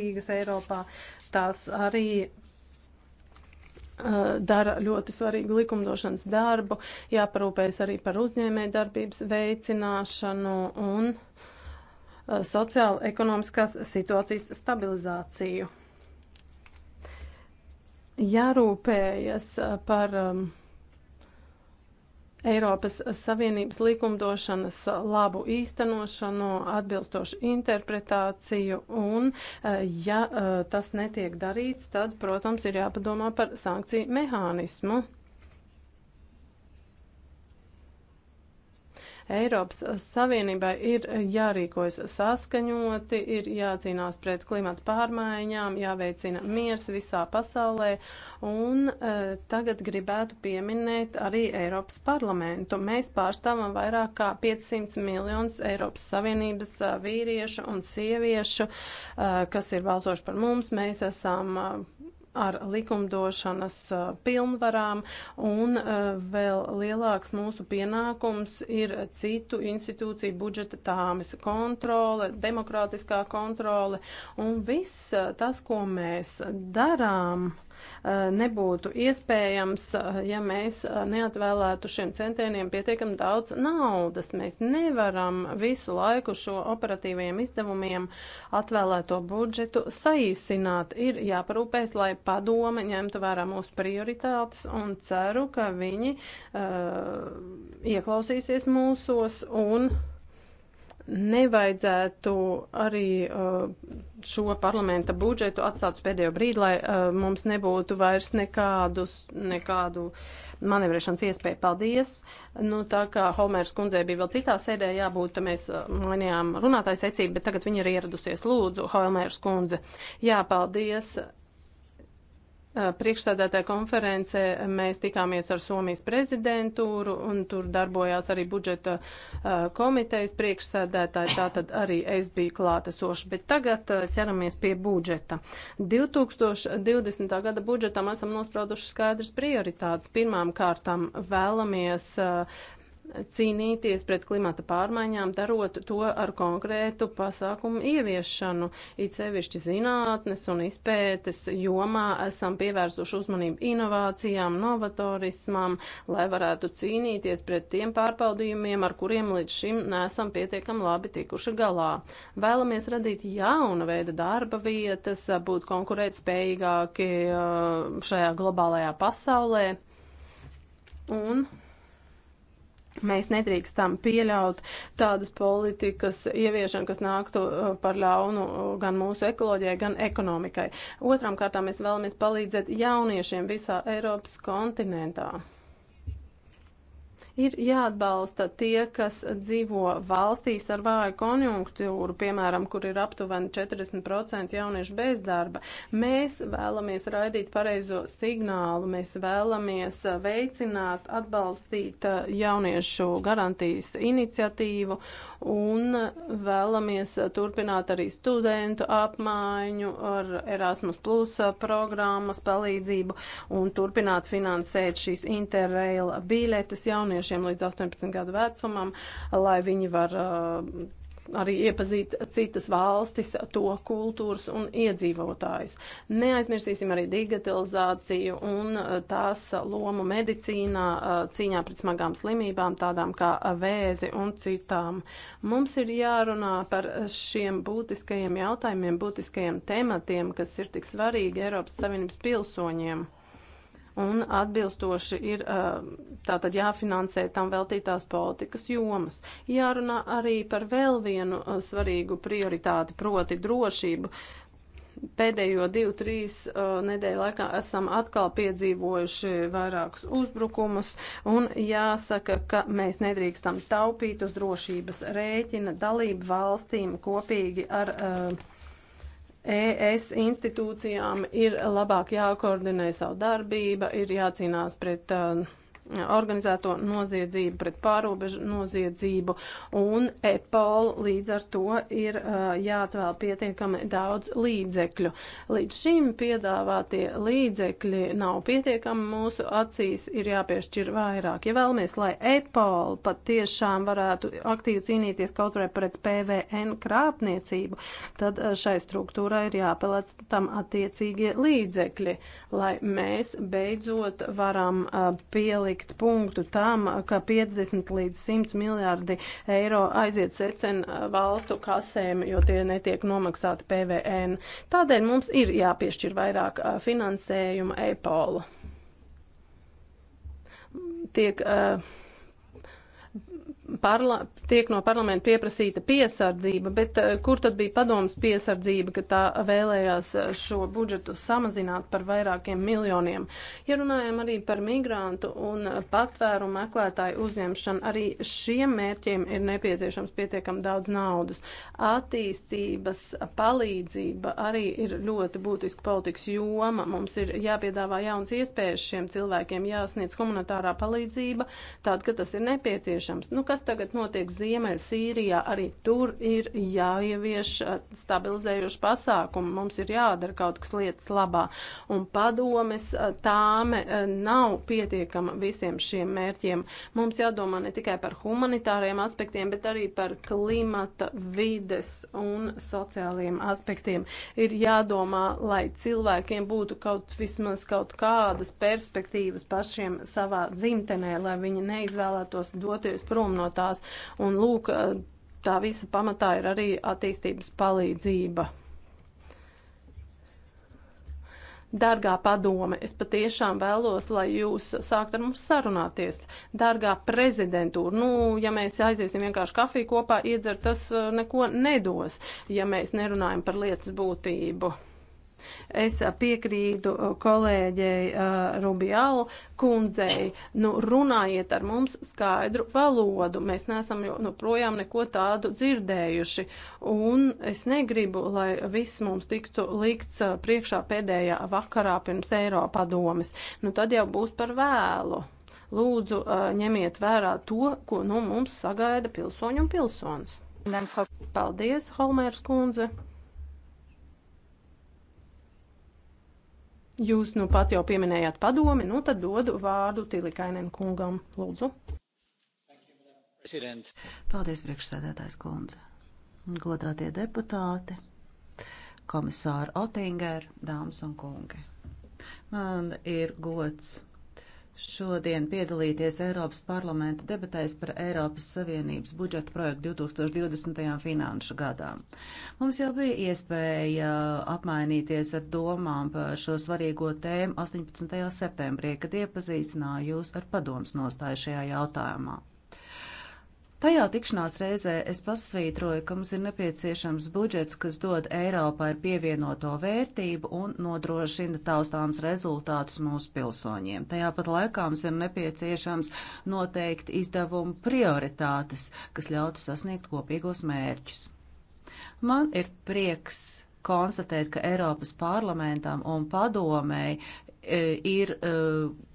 svarīgas Eiropā, tās arī uh, dara ļoti svarīgu likumdošanas darbu, jāparūpējas arī par uzņēmē darbības veicināšanu un uh, eh, sociāla-ekonomiskās situācijas stabilizāciju. Jārūpējas eh, par um, Eiropas Savienības likumdošanas labu īstenošanu, atbilstošu interpretāciju un, eh, ja eh, tas netiek darīts, tad, protams, ir jāpadomā par sankciju mehānismu. Eiropas Savienībai ir jārīkojas saskaņoti, ir jācīnās pret klimatu pārmaiņām, jāveicina miers visā pasaulē. Un uh, tagad gribētu pieminēt arī Eiropas parlamentu. Mēs pārstāvam vairāk kā 500 miljonus Eiropas Savienības uh, vīriešu un sieviešu, uh, kas ir balsojuši par mums. Mēs esam. Uh, ar likumdošanas uh, pilnvarām, un uh, vēl lielāks mūsu pienākums ir citu institūciju budžeta tāmes kontrole, demokrātiskā kontrole, un viss uh, tas, ko mēs darām. Eh, nebūtu iespējams, eh, ja mēs eh, neatvēlētu šiem centieniem pietiekam daudz naudas. Mēs nevaram visu laiku šo operatīvajiem izdevumiem atvēlēto budžetu saīsināt. Ir jāparūpēs, lai padome ņemtu vērā mūsu prioritātes un ceru, ka viņi uh, ieklausīsies mūsos un nevajadzētu arī uh, šo parlamenta budžetu atstāt uz pēdējo brīdi, lai uh, mums nebūtu vairs nekādus, nekādu manevrēšanas iespēju. Paldies! Nu, tā kā Homērs kundzei bija vēl citā sēdē jābūt, mēs uh, mainījām runātāju secību, bet tagad viņa ir ieradusies. Lūdzu, Homērs kundze. Jā, paldies! Eh, Priekšstādātāja konferencē mēs tikāmies ar Somijas prezidentūru, un tur darbojās arī budžeta eh, komitejas priekšstādātāji, tātad arī es biju klātesošs. Bet tagad eh, ķeramies pie budžeta. 2020. gada budžetam esam nosprauduši skaidrs prioritātes. Pirmām kārtām vēlamies uh, cīnīties pret klimata pārmaiņām, darot to ar konkrētu pasākumu ieviešanu. It sevišķi zinātnes un izpētes jomā esam pievērsuši uzmanību inovācijām, novatorismam, lai varētu cīnīties pret tiem pārbaudījumiem, ar kuriem līdz šim nesam pietiekam labi tikuši galā. Vēlamies radīt jaunu veidu darba vietas, būt konkurētspējīgāki uh, šajā globālajā pasaulē. Un Mēs nedrīkstam pieļaut tādas politikas ieviešanu, kas nāktu uh, par ļaunu uh, gan mūsu ekoloģijai, gan ekonomikai. Otram kārtām mēs vēlamies palīdzēt jauniešiem visā Eiropas kontinentā. Ir jāatbalsta tie, kas dzīvo valstīs ar vāju konjunktūru, piemēram, kur ir aptuveni 40% jauniešu bezdarba. Mēs vēlamies raidīt pareizo signālu, mēs vēlamies veicināt, atbalstīt uh, jauniešu garantijas iniciatīvu un vēlamies turpināt arī studentu apmaiņu ar Erasmus Plus programmas palīdzību un turpināt finansēt šīs interrail biļetes jauniešu jauniešiem līdz 18 gadu vecumam, lai viņi var uh, arī iepazīt citas valstis, to kultūras un iedzīvotājus. Neaizmirsīsim arī digitalizāciju un uh, tās lomu medicīnā, uh, cīņā pret smagām slimībām, tādām kā vēzi un citām. Mums ir jārunā par šiem būtiskajiem jautājumiem, būtiskajiem tematiem, kas ir tik svarīgi Eiropas Savienības pilsoņiem un atbilstoši ir tātad jāfinansē tam veltītās politikas jomas. Jārunā arī par vēl vienu svarīgu prioritāti, proti drošību. Pēdējo divu, trīs uh, nedēļu laikā esam atkal piedzīvojuši vairākus uzbrukumus, un jāsaka, ka mēs nedrīkstam taupīt uz drošības rēķina dalību valstīm kopīgi ar uh, ES institūcijām ir labāk jākoordinē savu darbību, ir jācīnās pret uh, organizēto noziedzību, pret pārobežu noziedzību, un EPOL līdz ar to ir uh, jāatvēl pietiekami daudz līdzekļu. Līdz šim piedāvātie līdzekļi nav pietiekami mūsu acīs, ir jāpiešķir vairāk. Ja vēlamies, lai EPOL pat tiešām varētu aktīvi cīnīties kaut vai pret PVN krāpniecību, tad uh, šai struktūrai ir jāpelēc tam attiecīgie līdzekļi, lai mēs beidzot varam uh, pielikt pielikt punktu tam, ka 50 līdz 100 miljārdi eiro aiziet secen valstu kasēm, jo tie netiek nomaksāti PVN. Tādēļ mums ir jāpiešķir vairāk finansējuma EPOLu. Tiek uh, parla, tiek no parlamenta pieprasīta piesardzība, bet eh, kur tad bija padomas piesardzība, ka tā vēlējās eh, šo budžetu samazināt par vairākiem miljoniem? Ja runājam arī par migrantu un patvērumu meklētāju uzņemšanu, arī šiem mērķiem ir nepieciešams pietiekam daudz naudas. Attīstības palīdzība arī ir ļoti būtiska politikas joma. Mums ir jāpiedāvā jauns iespējas šiem cilvēkiem, jāsniedz komunitārā palīdzība, tad, kad tas ir nepieciešams. Nu, kas kas tagad notiek Ziemeļsīrijā, arī tur ir jāievieš uh, stabilizējuši pasākumi. Mums ir jādara kaut kas lietas labā. Un padomes uh, tāme uh, nav pietiekama visiem šiem mērķiem. Mums jādomā ne tikai par humanitāriem aspektiem, bet arī par klimata, vides un sociālajiem aspektiem. Ir jādomā, lai cilvēkiem būtu kaut vismaz kaut kādas perspektīvas pašiem savā dzimtenē, lai viņi neizvēlētos doties prom no nav tās. Un lūk, tā visa pamatā ir arī attīstības palīdzība. Dargā padome, es patiešām vēlos, lai jūs sākt ar mums sarunāties. Dargā prezidentūra, nu, ja mēs aiziesim vienkārši kafiju kopā iedzert, tas eh, neko nedos, ja mēs nerunājam par lietas būtību. Es piekrītu uh, kolēģei uh, Rubialu kundzei, nu runājiet ar mums skaidru valodu, mēs neesam joprojām nu, neko tādu dzirdējuši, un es negribu, lai viss mums tiktu likts uh, priekšā pēdējā vakarā pirms Eiropadomes, nu tad jau būs par vēlu. Lūdzu, ņemiet vērā to, ko nu mums sagaida pilsoņu un pilsonis. Paldies, Holmērs kundze! Jūs nu pat jau pieminējāt padomi, nu tad dodu vārdu Tilikainen kungam. Lūdzu. Paldies, priekšsēdētājs kundze. Godātie deputāti, komisāri Otinger, dāmas un kungi. Man ir gods šodien piedalīties Eiropas parlamenta debatēs par Eiropas Savienības budžeta projektu 2020. finanšu gadā. Mums jau bija iespēja apmainīties ar domām par šo svarīgo tēmu 18. septembrī, kad iepazīstināju jūs ar padomus nostāju šajā jautājumā. Tajā tikšanās reizē es pasvītroju, ka mums ir nepieciešams budžets, kas dod Eiropā ir pievienoto vērtību un nodrošina taustāms rezultātus mūsu pilsoņiem. Tajā pat laikā mums ir nepieciešams noteikt izdevumu prioritātes, kas ļautu sasniegt kopīgos mērķus. Man ir prieks konstatēt, ka Eiropas parlamentam un padomēji E, ir e,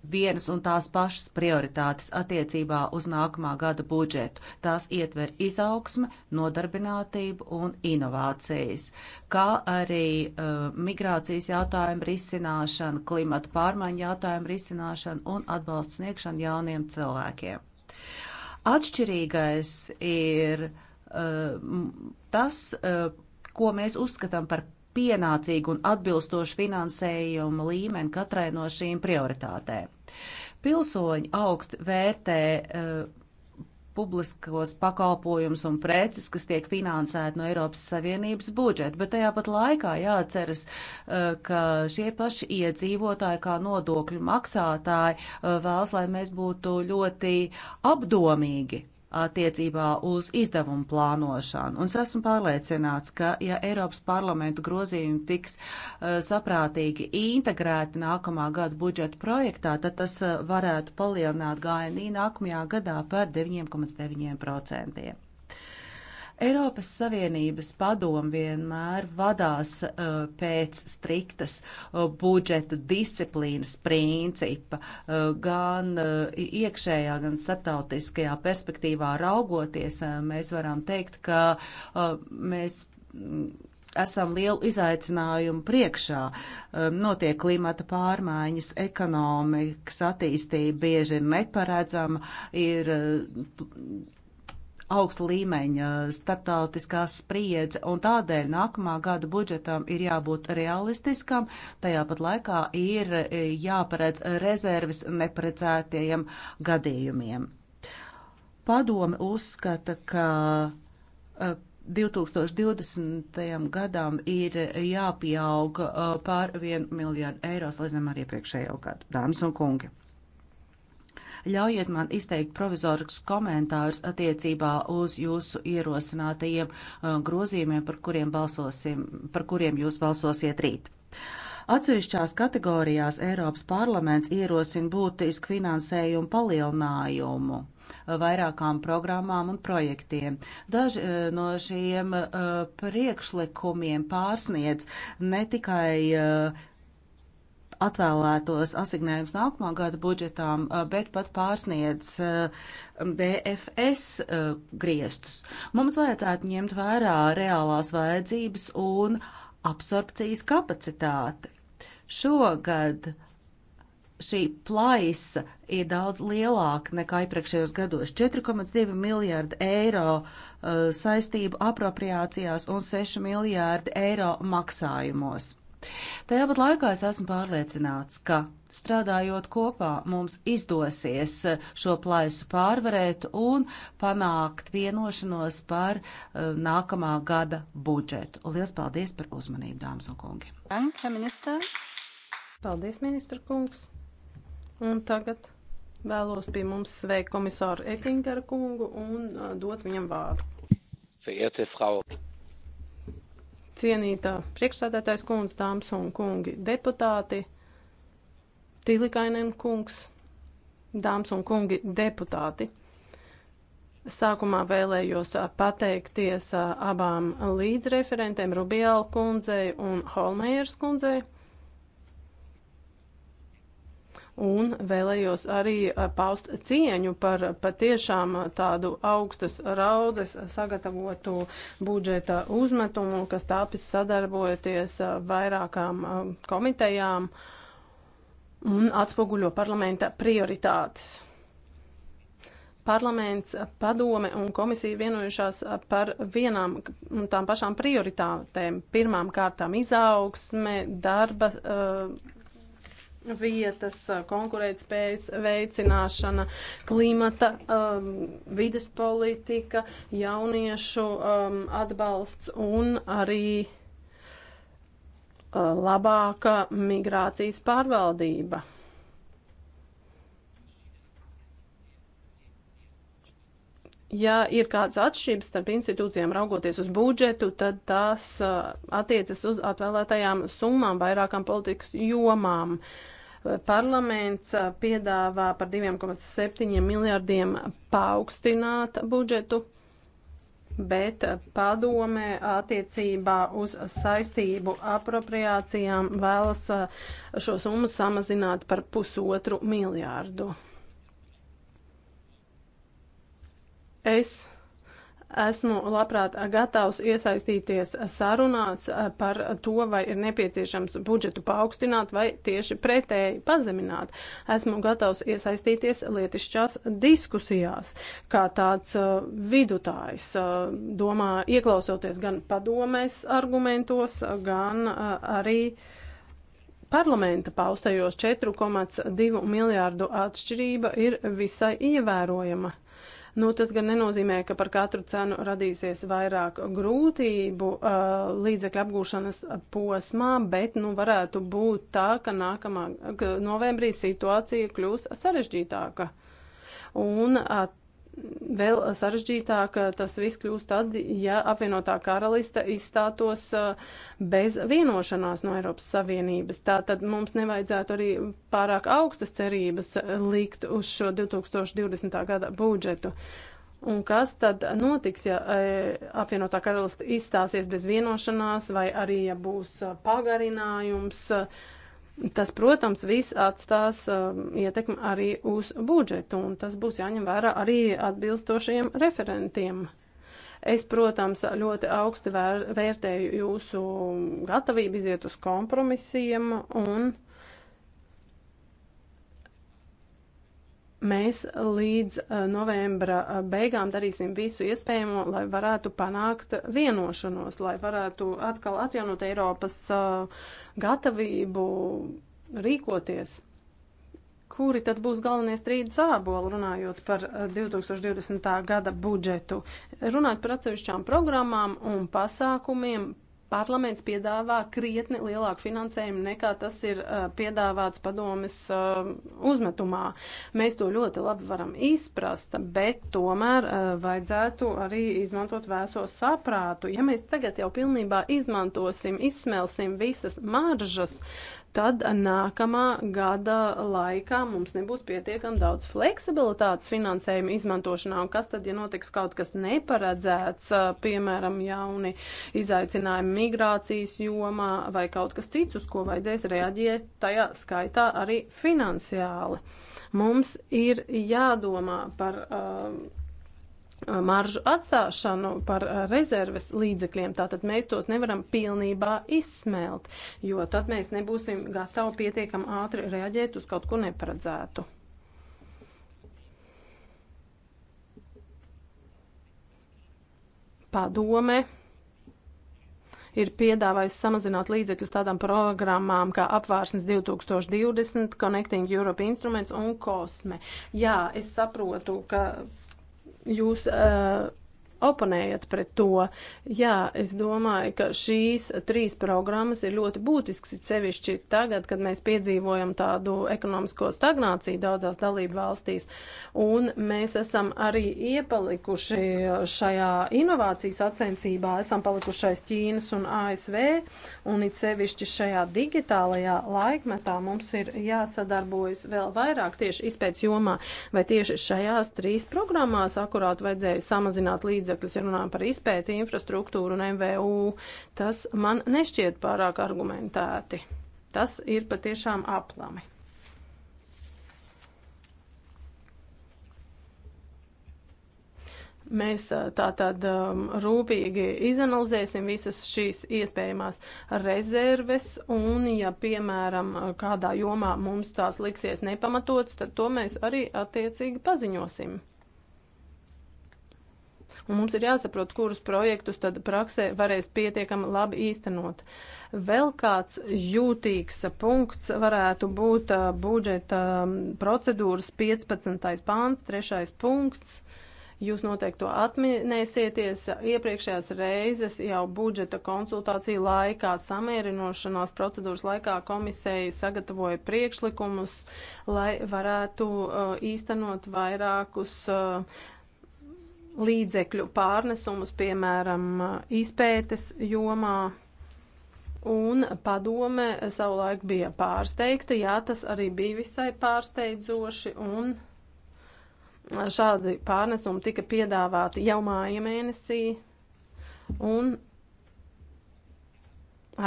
vienas un tās pašas prioritātes attiecībā uz nākamā gada budžetu. Tās ietver izaugsme, nodarbinātību un inovācijas, kā arī uh, migrācijas jautājumu risināšanu, klimata pārmaiņu jautājumu risināšanu un atbalsts sniegšanu jauniem cilvēkiem. Atšķirīgais ir uh, tas, uh, ko mēs uzskatām par pienācīgu un atbilstošu finansējumu līmeni katrai no šīm prioritātēm. Pilsoņi augst vērtē uh, publiskos pakalpojumus un preces, kas tiek finansēti no Eiropas Savienības budžeta, bet tajā pat laikā jāatceras, uh, ka šie paši iedzīvotāji, kā nodokļu maksātāji, uh, vēlas, lai mēs būtu ļoti apdomīgi attiecībā uz izdevumu plānošanu. Un es esmu pārliecināts, ka, ja Eiropas parlamentu grozījumi tiks uh, saprātīgi integrēti nākamā gada budžeta projektā, tad tas eh, varētu palielināt GNI nākamajā gadā par 9,9%. Eiropas Savienības padomu vienmēr vadās uh, pēc striktas uh, budžeta disciplīnas principa, uh, gan uh, iekšējā, gan starptautiskajā perspektīvā raugoties, uh, mēs varam teikt, ka uh, mēs. Mm, esam lielu izaicinājumu priekšā. Um, notiek klimata pārmaiņas, ekonomikas attīstība bieži ir neparedzama, ir uh, augsta līmeņa eh, starptautiskā spriedze, un tādēļ nākamā gada budžetam ir jābūt realistiskam, tajā pat laikā ir eh, jāparedz rezerves neprecētajiem gadījumiem. Padome uzskata, ka 2020. Eh, gadam ir jāpieaug pār 1 miljārdu eiro, salīdzinām ar iepriekšējo gadu. Dāmas un kungi! Ļaujiet man izteikt provizorus komentārus attiecībā uz jūsu ierosinātajiem uh, grozījumiem, par kuriem, balsosim, par kuriem jūs balsosiet rīt. Atsevišķās kategorijās Eiropas parlaments ierosina būtisku finansējumu palielinājumu uh, vairākām programmām un projektiem. Daži uh, no šiem priekšlikumiem pārsniedz ne tikai atvēlētos asignējums nākamā gada budžetām, bet pat pārsniedz DFS griestus. Mums vajadzētu ņemt vērā reālās vajadzības un absorpcijas kapacitāti. Šogad šī plaisa ir daudz lielāka nekā iepriekšējos gados - 4,2 miljārdi eiro saistību apropriācijās un 6 miljārdi eiro maksājumos. Tajā pat laikā es esmu pārliecināts, ka strādājot kopā mums izdosies šo plaisu pārvarēt un panākt vienošanos par uh, nākamā gada budžetu. Un liels paldies par uzmanību, dāmas un kungi! Danke, ministra! Paldies, ministra kungs! Un tagad vēlos pie mums sveikt komisāru Ettingera kungu un eh, dot viņam vārdu. Verehrte Frau Cienītā priekšsādātājs kundze, dāmas un kungi deputāti, Tilikainen kungs, dāmas un kungi deputāti. Sākumā vēlējos pateikties abām līdzreferentēm Rubiela kundzei un Holmējers kundzei un vēlējos arī eh, paust cieņu par patiešām tādu augstas raudzes sagatavotu budžeta uzmetumu, kas tāpis sadarbojoties eh, vairākām eh, komitejām un atspoguļo parlamenta prioritātes. Parlaments, padome un komisija vienojušās par vienām un tām pašām prioritātēm. Pirmām kārtām izaugsme, darba uh, vietas, konkurētspējas veicināšana, klimata, um, vides politika, jauniešu um, atbalsts un arī uh, labāka migrācijas pārvaldība. ja ir kādas atšķirības starp institūcijām raugoties uz budžetu, tad tās attiecas uz atvēlētajām summām vairākām politikas jomām. Uh, Parlaments eh, piedāvā par 2,7 miljardiem paaugstināt budžetu, bet eh, padome attiecībā uz saistību apropriācijām vēlas eh, šo summu samazināt par pusotru miljārdu. Es Esmu labprāt gatavs iesaistīties sarunās eh, par to, vai ir nepieciešams budžetu paaugstināt vai tieši pretēji pazemināt. Esmu gatavs iesaistīties lietišķās diskusijās, kā tāds eh, vidutājs, eh, domā, ieklausoties gan padomēs argumentos, gan arī parlamenta paustajos 4,2 miljārdu atšķirība ir visai ievērojama. Nu, tas gan nenozīmē, ka par katru cenu radīsies vairāk grūtību uh, līdzekļu apgūšanas posmā, bet nu, varētu būt tā, ka, nākamā, ka novembrī situācija kļūs sarežģītāka. Un at, uh, Vēl sarežģītāk tas viss kļūst tad, ja apvienotā karaliste izstātos eh, bez vienošanās no Eiropas Savienības. Tātad mums nevajadzētu arī pārāk augstas cerības likt uz šo 2020. gada budžetu. Un kas tad notiks, ja eh, apvienotā karaliste izstāsies bez vienošanās vai arī, ja būs eh, pagarinājums? Uh, Tas, protams, viss atstās um, ietekmi arī uz budžetu, un tas būs jāņem vērā arī atbilstošajiem referentiem. Es, protams, ļoti augsti vēr, vērtēju jūsu gatavību iziet uz kompromisiem un mēs līdz eh, novembra eh, beigām darīsim visu iespējamo, lai varētu panākt vienošanos, lai varētu atkal atjaunot Eiropas eh, gatavību rīkoties. Kuri tad būs galvenie strīdu sāboli, runājot par 2020. gada budžetu? Runājot par atsevišķām programmām un pasākumiem, parlaments piedāvā krietni lielāku finansējumu nekā tas ir uh, piedāvāts padomes uh, uzmetumā. Mēs to ļoti labi varam izprast, bet tomēr uh, vajadzētu arī izmantot vēso saprātu. Ja mēs tagad jau pilnībā izmantosim, izsmelsim visas maržas, tad nākamā gada laikā mums nebūs pietiekami daudz fleksibilitātes finansējuma izmantošanā. Un kas tad, ja notiks kaut kas neparedzēts, piemēram, jauni izaicinājumi migrācijas jomā vai kaut kas cits, uz ko vajadzēs reaģēt, tajā skaitā arī finansiāli. Mums ir jādomā par. Uh, Uh, maržu atstāšanu par uh, rezerves līdzekļiem. Tātad mēs tos nevaram pilnībā izsmelt, jo tad mēs nebūsim gatavi pietiekam ātri reaģēt uz kaut ko neparedzētu. Padome ir piedāvājis samazināt līdzekļus tādām programmām kā apvārsnes 2020, Connecting Europe Instruments un Kosme. Jā, es saprotu, ka jūs uh, oponējat pret to. Jā, es domāju, ka šīs trīs programmas ir ļoti būtisks, it sevišķi tagad, kad mēs piedzīvojam tādu ekonomisko stagnāciju daudzās dalību valstīs, un mēs esam arī iepalikuši šajā inovācijas sacensībā, esam palikuši aiz Ķīnas un ASV, un it sevišķi šajā digitālajā laikmetā mums ir jāsadarbojas vēl vairāk tieši izpēc jomā, vai tieši šajās trīs programmās akurāt vajadzēja samazināt līdzekļus līdzekļus, ja runājam par izpēti, infrastruktūru un MVU, tas man nešķiet pārāk argumentēti. Tas ir patiešām aplami. Mēs tātad um, rūpīgi izanalizēsim visas šīs iespējamās rezerves, un ja, piemēram, kādā jomā mums tās liksies nepamatots, tad to mēs arī attiecīgi paziņosim un mums ir jāsaprot, kurus projektus tad praksē varēs pietiekami labi īstenot. Vēl kāds jūtīgs punkts varētu būt uh, budžeta um, procedūras 15. pāns, 3. punkts. Jūs noteikti to atminēsieties. Iepriekšējās reizes jau budžeta konsultāciju laikā, samierinošanās procedūras laikā komisija sagatavoja priekšlikumus, lai varētu uh, īstenot vairākus uh, līdzekļu pārnesumus, piemēram, izpētes jomā. Un padome savulaik bija pārsteigta, jā, tas arī bija visai pārsteidzoši, un šādi pārnesumi tika piedāvāti jau māja mēnesī, un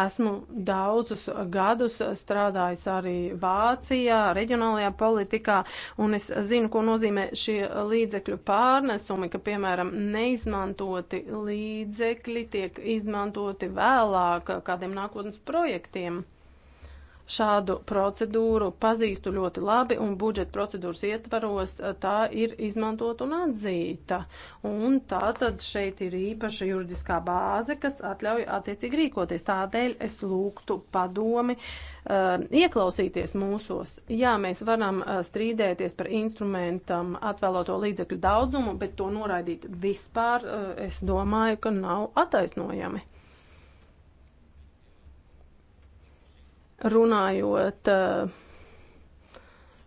Esmu daudzus gadus strādājis arī Vācijā, reģionālajā politikā, un es zinu, ko nozīmē šie līdzekļu pārnesumi, ka, piemēram, neizmantoti līdzekļi tiek izmantoti vēlāk kādiem nākotnes projektiem. Šādu procedūru pazīstu ļoti labi un budžeta procedūras ietvaros eh, tā ir izmantot un atzīta. Un tā tad šeit ir īpaša juridiskā bāze, kas atļauj attiecīgi rīkoties. Tādēļ es lūgtu padomi eh, ieklausīties mūsos. Jā, mēs varam eh, strīdēties par instrumentam atvēloto līdzekļu daudzumu, bet to noraidīt vispār, es domāju, ka nav attaisnojami. Runājot eh,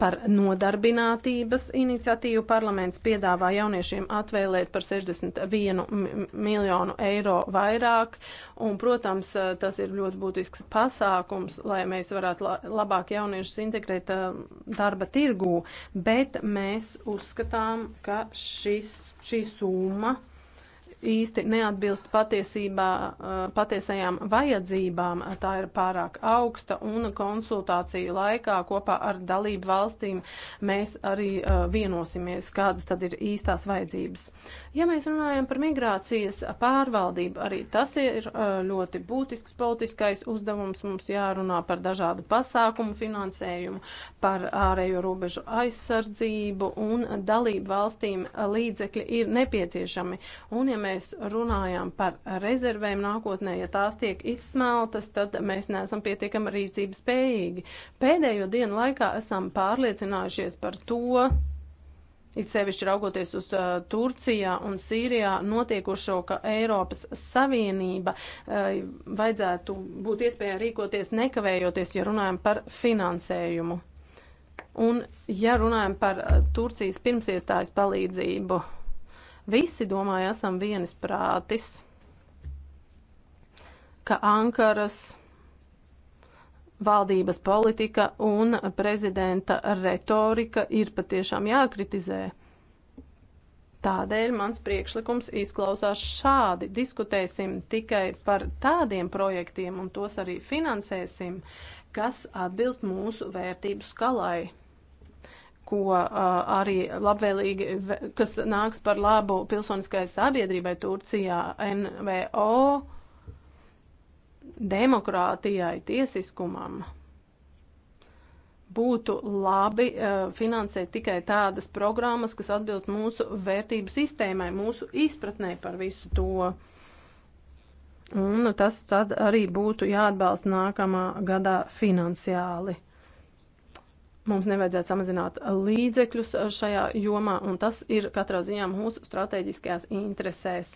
par nodarbinātības iniciatīvu, parlaments piedāvā jauniešiem atvēlēt par 61 miljonu eiro vairāk, un, protams, eh, tas ir ļoti būtisks pasākums, lai mēs varētu labāk jauniešus integrēt eh, darba tirgū, bet mēs uzskatām, ka šis, šī summa īsti neatbilst patiesībā, eh, patiesajām vajadzībām. Tā ir pārāk augsta un konsultāciju laikā kopā ar dalību valstīm mēs arī eh, vienosimies, kādas tad ir īstās vajadzības. Ja mēs runājam par migrācijas pārvaldību, arī tas ir uh, ļoti būtisks politiskais uzdevums. Mums jārunā par dažādu pasākumu finansējumu, par ārējo robežu aizsardzību un dalību valstīm līdzekļi ir nepieciešami. Un ja mēs runājam par rezervēm nākotnē, ja tās tiek izsmeltas, tad mēs neesam pietiekami rīcības spējīgi. Pēdējo dienu laikā esam pārliecinājušies par to, It sevišķi raugoties uz uh, Turcijā un Sīrijā notiekošo, ka Eiropas Savienība uh, vajadzētu būt iespējā rīkoties nekavējoties, ja runājam par finansējumu. Un ja runājam par uh, Turcijas pirmsiestājas palīdzību, visi domāju, esam vienisprātis, ka Ankaras Valdības politika un prezidenta retorika ir patiešām jākritizē. Tādēļ mans priekšlikums izklausās šādi. Diskutēsim tikai par tādiem projektiem un tos arī finansēsim, kas atbilst mūsu vērtību skalai ko uh, arī labvēlīgi, kas nāks par labu pilsoniskai sabiedrībai Turcijā, NVO, demokrātijai, tiesiskumam būtu labi uh, finansēt tikai tādas programmas, kas atbilst mūsu vērtību sistēmai, mūsu izpratnē par visu to. Un tas tad arī būtu jāatbalsta nākamā gadā finansiāli. Mums nevajadzētu samazināt līdzekļus šajā jomā, un tas ir katrā ziņā mūsu strateģiskajās interesēs.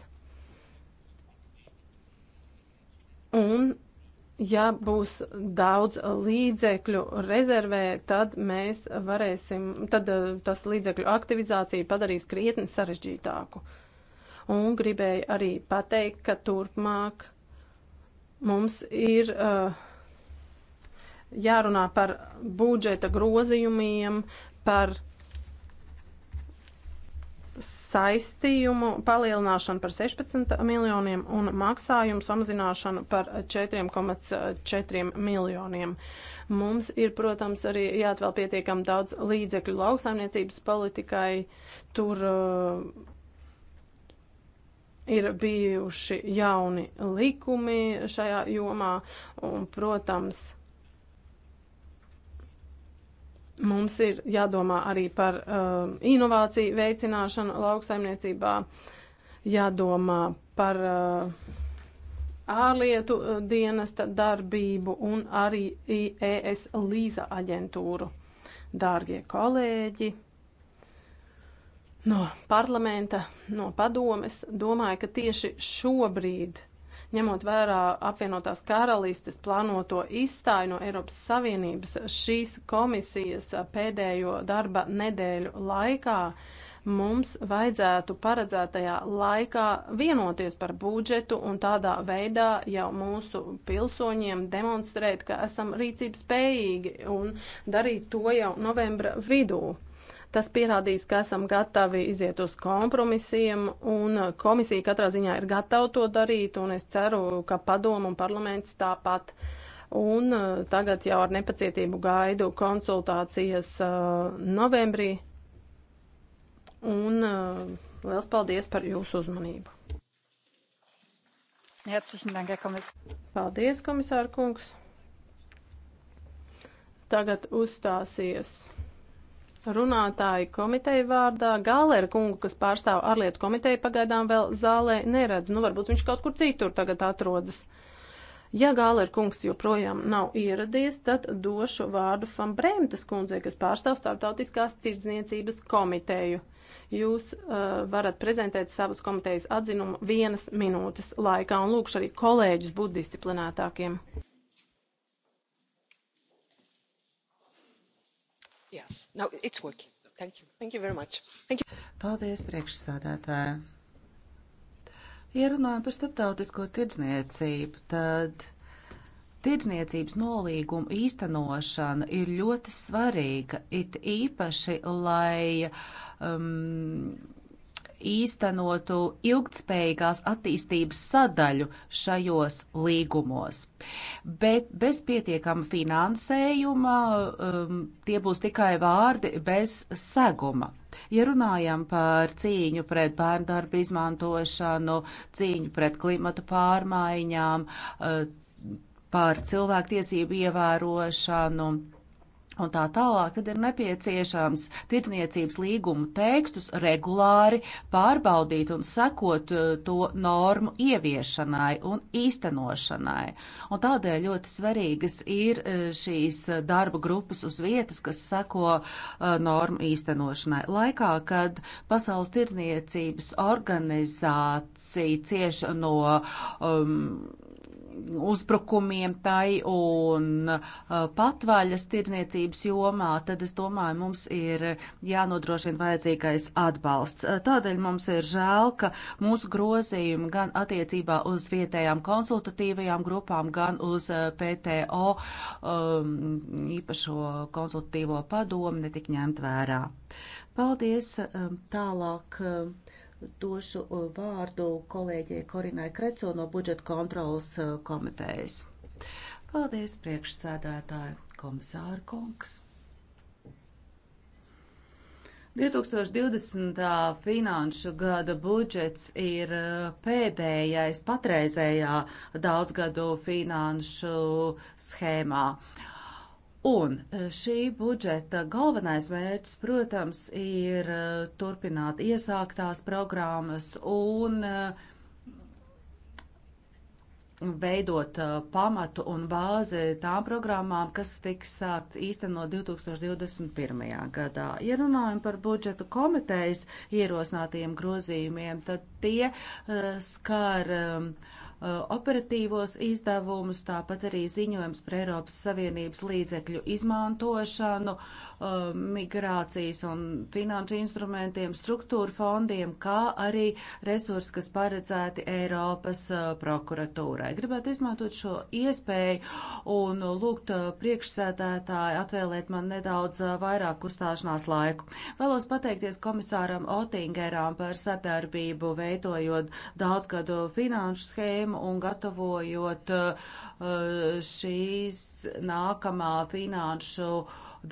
Un, ja būs daudz līdzekļu rezervē, tad mēs varēsim, tad eh, tas līdzekļu aktivizācija padarīs krietni sarežģītāku. Un gribēju arī pateikt, ka turpmāk mums ir uh, jārunā par budžeta grozījumiem, par uh, saistījumu palielināšanu par 16 miljoniem un maksājumu samazināšanu par 4,4 miljoniem. Mums ir, protams, arī jāatvēl pietiekam daudz līdzekļu lauksaimniecības politikai. Tur uh, ir bijuši jauni likumi šajā jomā un, protams, Mums ir jādomā arī par uh, inovāciju veicināšanu lauksaimniecībā, jādomā par uh, ārlietu uh, dienesta darbību un arī ES līza aģentūru. Dārgie kolēģi! no parlamenta, no padomes, domāju, ka tieši šobrīd Ņemot vērā apvienotās karalistes plānoto izstāju no Eiropas Savienības, šīs komisijas pēdējo darba nedēļu laikā mums vajadzētu paredzētajā laikā vienoties par budžetu un tādā veidā jau mūsu pilsoņiem demonstrēt, ka esam rīcības spējīgi un darīt to jau novembra vidū. Tas pierādīs, ka esam gatavi iziet uz kompromisiem, un komisija katrā ziņā ir gatava to darīt, un es ceru, ka padomu un parlaments tāpat. Un uh, tagad jau ar nepacietību gaidu konsultācijas uh, novembrī. Un uh, liels paldies par jūsu uzmanību. Herzlichen Dank, Herr Kommissar. Paldies, komisār kungs. Tagad uzstāsies runātāju komiteju vārdā. Gālēra kungu, kas pārstāv ārlietu komiteju, pagaidām vēl zālē neredz. Nu, varbūt viņš kaut kur citur tagad atrodas. Ja Gālēra kungs joprojām nav ieradies, tad došu vārdu Fan Bremtas kundzei, kas pārstāv Startautiskās tirdzniecības komiteju. Jūs uh, varat prezentēt savas komitejas atzinumu vienas minūtes laikā un lūkšu arī kolēģus būt disciplinētākiem. Yes. No, it's working. Thank you. Thank you very much. Thank you. Paldies, priekšsādātāja. Ja runājam par starptautisko tirdzniecību, tad tirdzniecības nolīgumu īstenošana ir ļoti svarīga, it īpaši, lai um, īstenotu ilgtspējīgās attīstības sadaļu šajos līgumos. Bet bez pietiekama finansējuma um, tie būs tikai vārdi bez seguma. Ja runājam par cīņu pret bērndarbu izmantošanu, cīņu pret klimatu pārmaiņām, uh, par cilvēktiesību ievērošanu, Un tā tālāk, tad ir nepieciešams tirdzniecības līgumu tekstus regulāri pārbaudīt un sekot eh, to normu ieviešanai un īstenošanai. Un tādēļ ļoti svarīgas ir eh, šīs darba grupas uz vietas, kas seko eh, normu īstenošanai. Laikā, kad Pasaules tirdzniecības organizācija cieši no. Um, uzbrukumiem tai un uh, patvaļas tirdzniecības jomā, tad es domāju, mums ir jānodrošina vajadzīgais atbalsts. Uh, tādēļ mums ir žēl, ka mūsu grozījumi gan attiecībā uz vietējām konsultatīvajām grupām, gan uz uh, PTO um, īpašo konsultatīvo padomu netik ņemt vērā. Paldies! Um, tālāk. Um, došu uh, vārdu kolēģei Korinai Kreco no budžeta kontrolas uh, komitejas. Paldies, priekšsēdētāji, komisāra kungs. 2020. finanšu gada budžets ir uh, pēdējais patreizējā daudzgadu finanšu schēmā. Uh, Un e, šī budžeta galvenais mērķis, protams, ir e, turpināt iesāktās programmas un e, veidot pamatu un bāzi tām programmām, kas tiks sākts īstenot 2021. gadā. Ja runājam par budžetu komitejas ierosinātajiem grozījumiem, tad tie uh, skar uh, Uh, operatīvos izdevumus, tāpat arī ziņojums par Eiropas Savienības līdzekļu izmantošanu, uh, migrācijas un finanšu instrumentiem, struktūra fondiem, kā arī resursi, kas paredzēti Eiropas uh, prokuratūrai. Gribētu izmantot šo iespēju un lūgt priekšsēdētāju atvēlēt man nedaudz vairāk uzstāšanās laiku. Vēlos pateikties komisāram Otingeram par sadarbību veidojot daudzgadu finanšu schēmu gadiem un gatavojot eh, šīs nākamā finanšu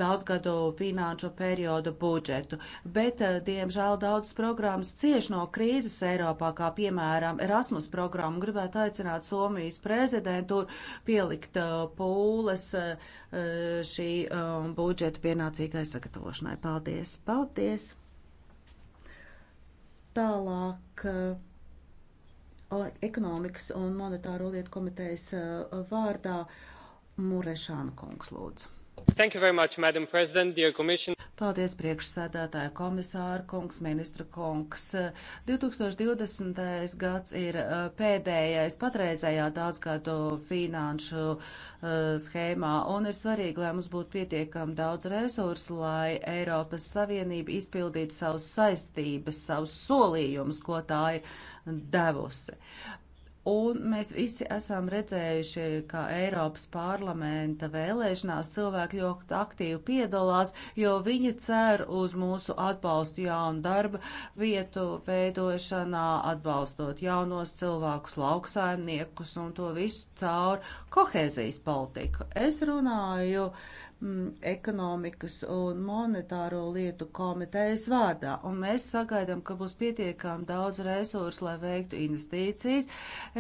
daudzgadu finanšu periodu budžetu. Bet, eh, diemžēl, daudzas programmas cieši no krīzes Eiropā, kā piemēram Erasmus programmu, gribētu aicināt Somijas prezidentūru pielikt eh, pūles šī budžeta pienācīgai sagatavošanai. Paldies! Paldies! Tālāk ekonomikas un monetāro lietu komitejas eh, vārdā Murešāna kungs lūdzu. Much, Paldies, priekšsēdētāja komisāra kungs, ministra kungs. 2020. gads ir uh, pēdējais patreizējā daudzgadu finanšu uh, schēmā, un ir svarīgi, lai mums būtu pietiekami daudz resursu, lai Eiropas Savienība izpildītu savus saistības, savus solījumus, ko tā ir devusi. Un mēs visi esam redzējuši, ka Eiropas parlamenta vēlēšanās cilvēki ļoti aktīvi piedalās, jo viņi cer uz mūsu atbalstu jaunu darba vietu veidošanā, atbalstot jaunos cilvēkus, lauksaimniekus un to visu caur kohēzijas politiku. Es runāju Mm, ekonomikas un monetāro lietu komitejas vārdā. Un mēs sagaidām, ka būs pietiekām daudz resursu, lai veiktu investīcijas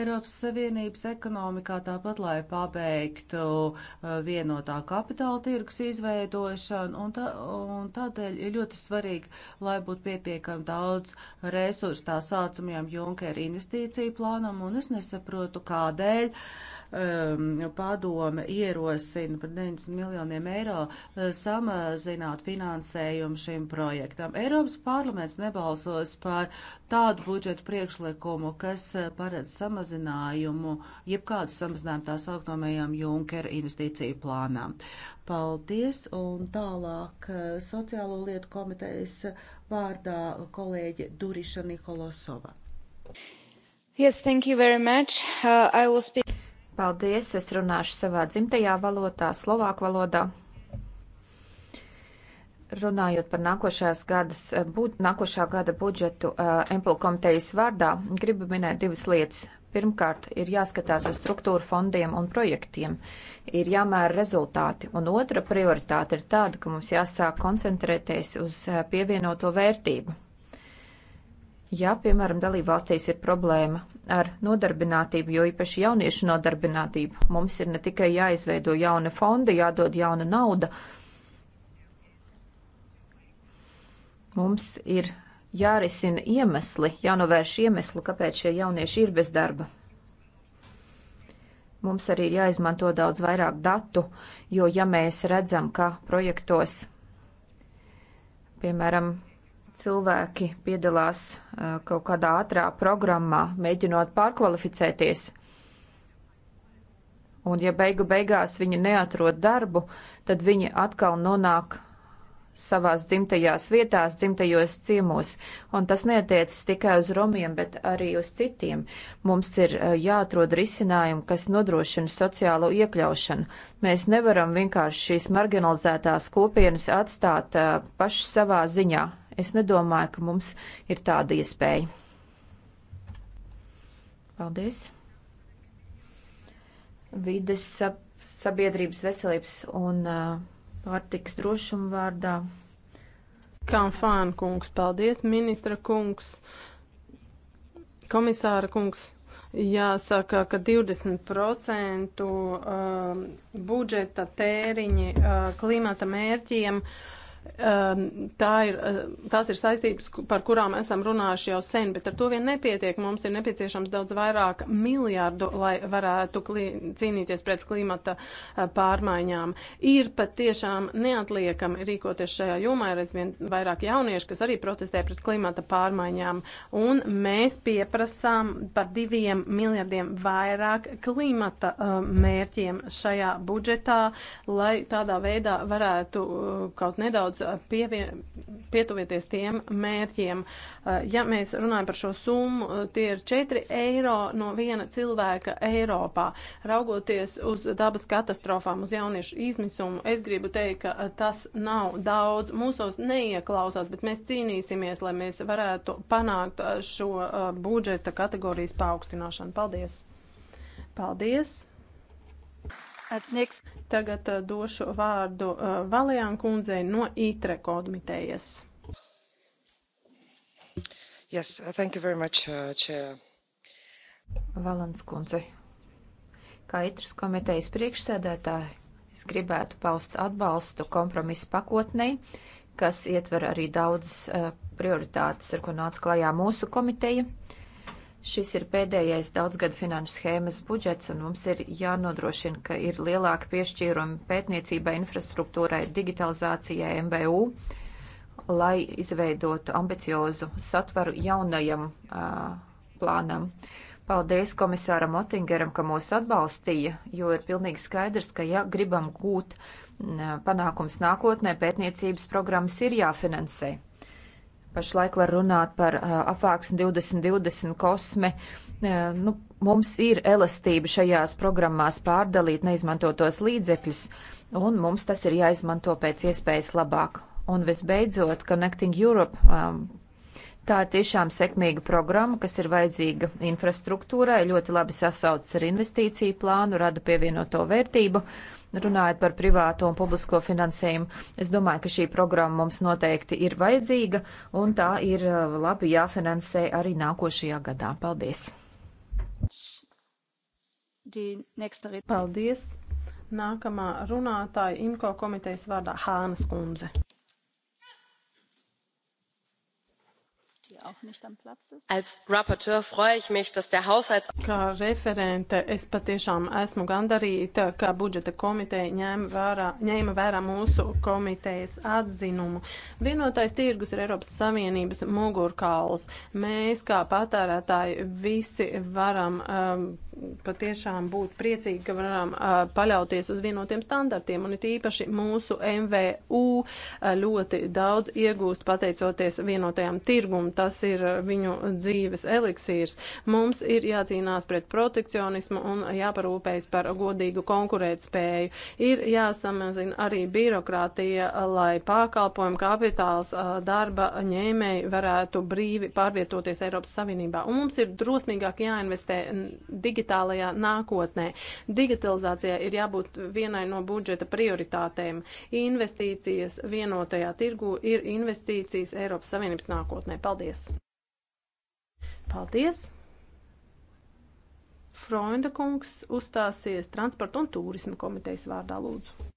Eiropas Savienības ekonomikā, tāpat lai pabeigtu uh, vienotā kapitāla tirgus izveidošanu. Un, tā, un tādēļ ir ļoti svarīgi, lai būtu pietiekam daudz resursu tā saucamajam Junkera investīciju plānam. Un es nesaprotu, kādēļ. Uh, um, padome ierosina par 90 miljoniem eiro uh, samazināt finansējumu šim projektam. Eiropas parlaments nebalsos par tādu budžetu priekšlikumu, kas uh, paredz samazinājumu, jebkādu samazinājumu tā sauktomajam Junker investīciju plānām. Paldies, un tālāk uh, sociālo lietu komitejas vārdā kolēģe Duriša Nikolosova. Yes, thank you very much. Uh, I will speak. Paldies, es runāšu savā dzimtajā valodā, slovāku valodā. Runājot par nākošās gadas, eh, būt, nākošā gada budžetu uh, Empul komitejas vārdā, gribu minēt divas lietas. Pirmkārt, ir jāskatās uz struktūru fondiem un projektiem, ir jāmēra rezultāti, un otra prioritāte ir tāda, ka mums jāsāk koncentrēties uz eh, pievienoto vērtību. Ja, piemēram, dalībvalstīs ir problēma ar nodarbinātību, jo īpaši jauniešu nodarbinātību, mums ir ne tikai jāizveido jauna fonda, jādod jauna nauda, mums ir jārisina iemesli, jānovērš iemesli, kāpēc šie jaunieši ir bez darba. Mums arī ir jāizmanto daudz vairāk datu, jo ja mēs redzam, ka projektos, piemēram, cilvēki piedalās kaut kādā ātrā programmā, mēģinot pārkvalificēties. Un ja beigu beigās viņi neatrod darbu, tad viņi atkal nonāk savās dzimtajās vietās, dzimtajos ciemos. Un tas neatiecas tikai uz romiem, bet arī uz citiem. Mums ir jāatrod risinājumi, kas nodrošina sociālo iekļaušanu. Mēs nevaram vienkārši šīs marginalizētās kopienas atstāt uh, paši savā ziņā. Es nedomāju, ka mums ir tāda iespēja. Paldies! Vides sabiedrības veselības un uh, pārtikas drošuma vārdā. Kanfāna kungs, paldies, ministra kungs, komisāra kungs. Jāsaka, ka 20% uh, budžeta tēriņi uh, klimata mērķiem uh, Um, tā ir, uh, tās ir saistības, par kurām esam runājuši jau sen, bet ar to vien nepietiek. Mums ir nepieciešams daudz vairāk miljārdu, lai varētu klī, cīnīties pret klimata uh, pārmaiņām. Ir pat tiešām neatliekami rīkoties šajā jomā, ir aizvien vairāk jaunieši, kas arī protestē pret klimata pārmaiņām. Un mēs pieprasām par diviem miljardiem vairāk klimata uh, mērķiem šajā budžetā, lai tādā veidā varētu kaut nedaudz nedaudz pievien, pietuvieties tiem mērķiem. Ja mēs runājam par šo summu, tie ir 4 eiro no viena cilvēka Eiropā. Raugoties uz dabas katastrofām, uz jauniešu izmisumu, es gribu teikt, ka tas nav daudz. Mūsos neieklausās, bet mēs cīnīsimies, lai mēs varētu panākt šo budžeta kategorijas paaugstināšanu. Paldies! Paldies! Tagad uh, došu vārdu uh, Valijām kundzei no ITRE komitejas. Yes, thank you very much, uh, Chair. Valens kundze, kā ITRES komitejas priekšsēdētāji, es gribētu paust atbalstu kompromisu pakotnei, kas ietver arī daudzas uh, prioritātes, ar ko nāca klajā mūsu komiteja. Uh, Šis ir pēdējais daudzgada finanšu schēmas budžets, un mums ir jānodrošina, ka ir lielāka piešķīruma pētniecībai, infrastruktūrai, digitalizācijai, MBU, lai izveidotu ambiciozu satvaru jaunajam uh, plānam. Paldies komisāram Otingeram, ka mūs atbalstīja, jo ir pilnīgi skaidrs, ka ja gribam gūt panākums nākotnē, pētniecības programmas ir jāfinansē pašlaik var runāt par uh, apvāksni 2020 kosmi. Uh, nu, mums ir elastība šajās programmās pārdalīt neizmantotos līdzekļus, un mums tas ir jāizmanto pēc iespējas labāk. Un visbeidzot, Connecting Europe. Um, Tā ir tiešām sekmīga programma, kas ir vajadzīga infrastruktūrai, ļoti labi sasaucas ar investīciju plānu, rada pievienoto vērtību. Uh, Runājot par privāto un publisko finansējumu, es domāju, ka šī programma mums noteikti ir vajadzīga un tā ir uh, labi jāfinansē arī nākošajā gadā. Paldies! Paldies! Nākamā runātāja IMCO komitejas vārdā Hānas kundze. Als Rapporteur freue ich mich, dass der Haushalts... Kā referente es patiešām esmu gandarīta, ka budžeta komiteja ņēma vērā, ņēma vērā mūsu komitejas atzinumu. Vienotais tirgus ir Eiropas Savienības mugurkauls. Mēs kā patērētāji visi varam um, patiešām būt priecīgi, ka varam uh, paļauties uz vienotiem standartiem, un it īpaši mūsu MVU uh, ļoti daudz iegūst pateicoties vienotajam tirgum, tas ir uh, viņu dzīves eliksīrs. Mums ir jācīnās pret protekcionismu un jāparūpējas par godīgu konkurētspēju. Ir jāsamazina arī birokrātija, lai pakalpojumu kapitāls uh, darba ņēmēji varētu brīvi pārvietoties Eiropas Savienībā. Un mums ir drosmīgāk jāinvestē digitāli digitālajā nākotnē. Digitalizācijai ir jābūt vienai no budžeta prioritātēm. Investīcijas vienotajā tirgu ir investīcijas Eiropas Savienības nākotnē. Paldies! Paldies! Freunda kungs uzstāsies transporta un tūrisma komitejas vārdā lūdzu.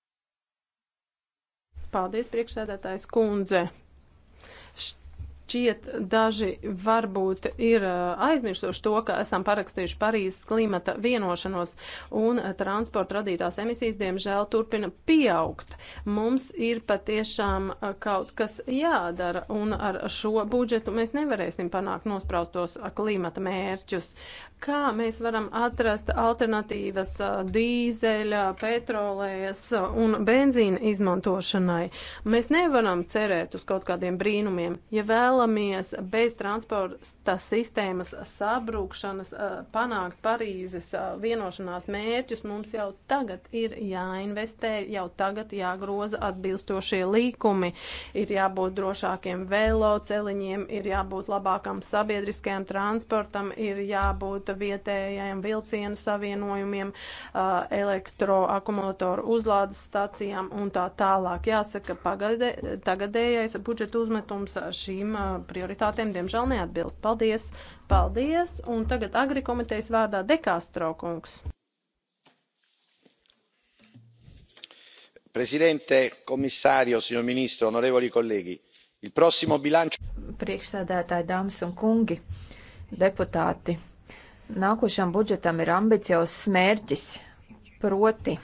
Paldies, priekšsēdētājs kundze. Št šķiet daži varbūt ir uh, aizmirstoši to, ka esam parakstījuši Parīzes klimata vienošanos un uh, transporta radītās emisijas, diemžēl, turpina pieaugt. Mums ir patiešām uh, kaut kas jādara, un ar šo budžetu mēs nevarēsim panākt nospraustos klimata mērķus. Kā mēs varam atrast alternatīvas dīzeļa, petrolējas un benzīna izmantošanai? Mēs nevaram cerēt uz kaut kādiem brīnumiem. Ja vēl vēlamies bez transporta sistēmas sabrūkšanas eh, panākt Parīzes eh, vienošanās mērķus, mums jau tagad ir jāinvestē, jau tagad jāgroza atbilstošie līkumi, ir jābūt drošākiem veloceliņiem, ir jābūt labākam sabiedriskajam transportam, ir jābūt vietējajiem vilcienu savienojumiem, eh, elektroakumulatoru uzlādes stacijām un tā tālāk. Jāsaka, pagadē, tagadējais budžeta uzmetums šīm prioritātēm, diemžēl, neatbilst. Paldies! Paldies! Un tagad Agri komitejas vārdā Dekāstro kungs. Presidente, komisārio, signor ministro, onorevoli kolēģi, il prossimo bilancio. Priekšsēdētāji, dāmas un kungi, deputāti, nākošam budžetam ir ambiciozs mērķis, proti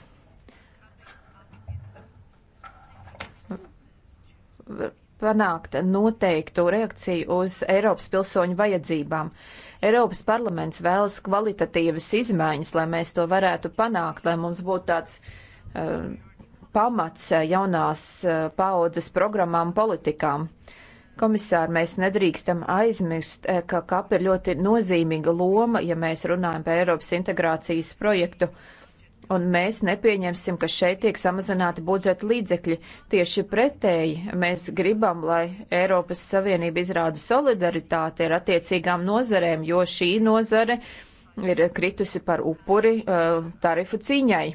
panākt noteiktu reakciju uz Eiropas pilsoņu vajadzībām. Eiropas parlaments vēlas kvalitatīvas izmaiņas, lai mēs to varētu panākt, lai mums būtu tāds uh, pamats jaunās uh, eh, paaudzes programmām, politikām. Komisāri, mēs nedrīkstam aizmirst, eh, ka KAP ir ļoti nozīmīga loma, ja mēs runājam par Eiropas integrācijas projektu. Uh, Un mēs nepieņemsim, ka šeit tiek samazināti budžeta līdzekļi. Tieši pretēji mēs gribam, lai Eiropas Savienība izrāda solidaritāti ar attiecīgām nozarēm, jo šī nozare ir kritusi par upuri uh, tarifu cīņai.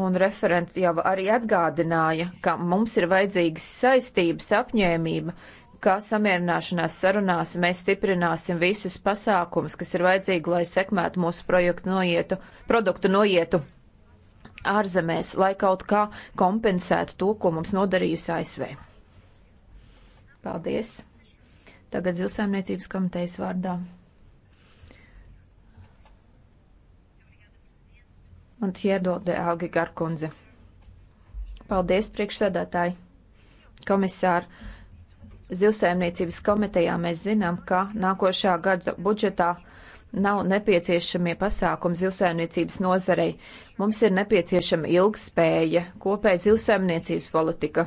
Un referenti jau arī atgādināja, ka mums ir vajadzīgas saistības, apņēmība, ka samierināšanās sarunās mēs stiprināsim visus pasākumus, kas ir vajadzīgi, lai sekmētu mūsu projektu noietu, produktu noietu ārzemēs, lai kaut kā kompensētu to, ko mums nodarījusi ASV. Paldies! Tagad zilsaimniecības komitejas vārdā. Un Tjēdodē Augi Garkundze. Paldies, priekšsēdētāji, komisāri! zivsaimniecības komitejā mēs zinām, ka nākošā gada budžetā nav nepieciešamie pasākumi zivsaimniecības nozarei. Mums ir nepieciešama ilgspēja, kopēja zivsaimniecības politika,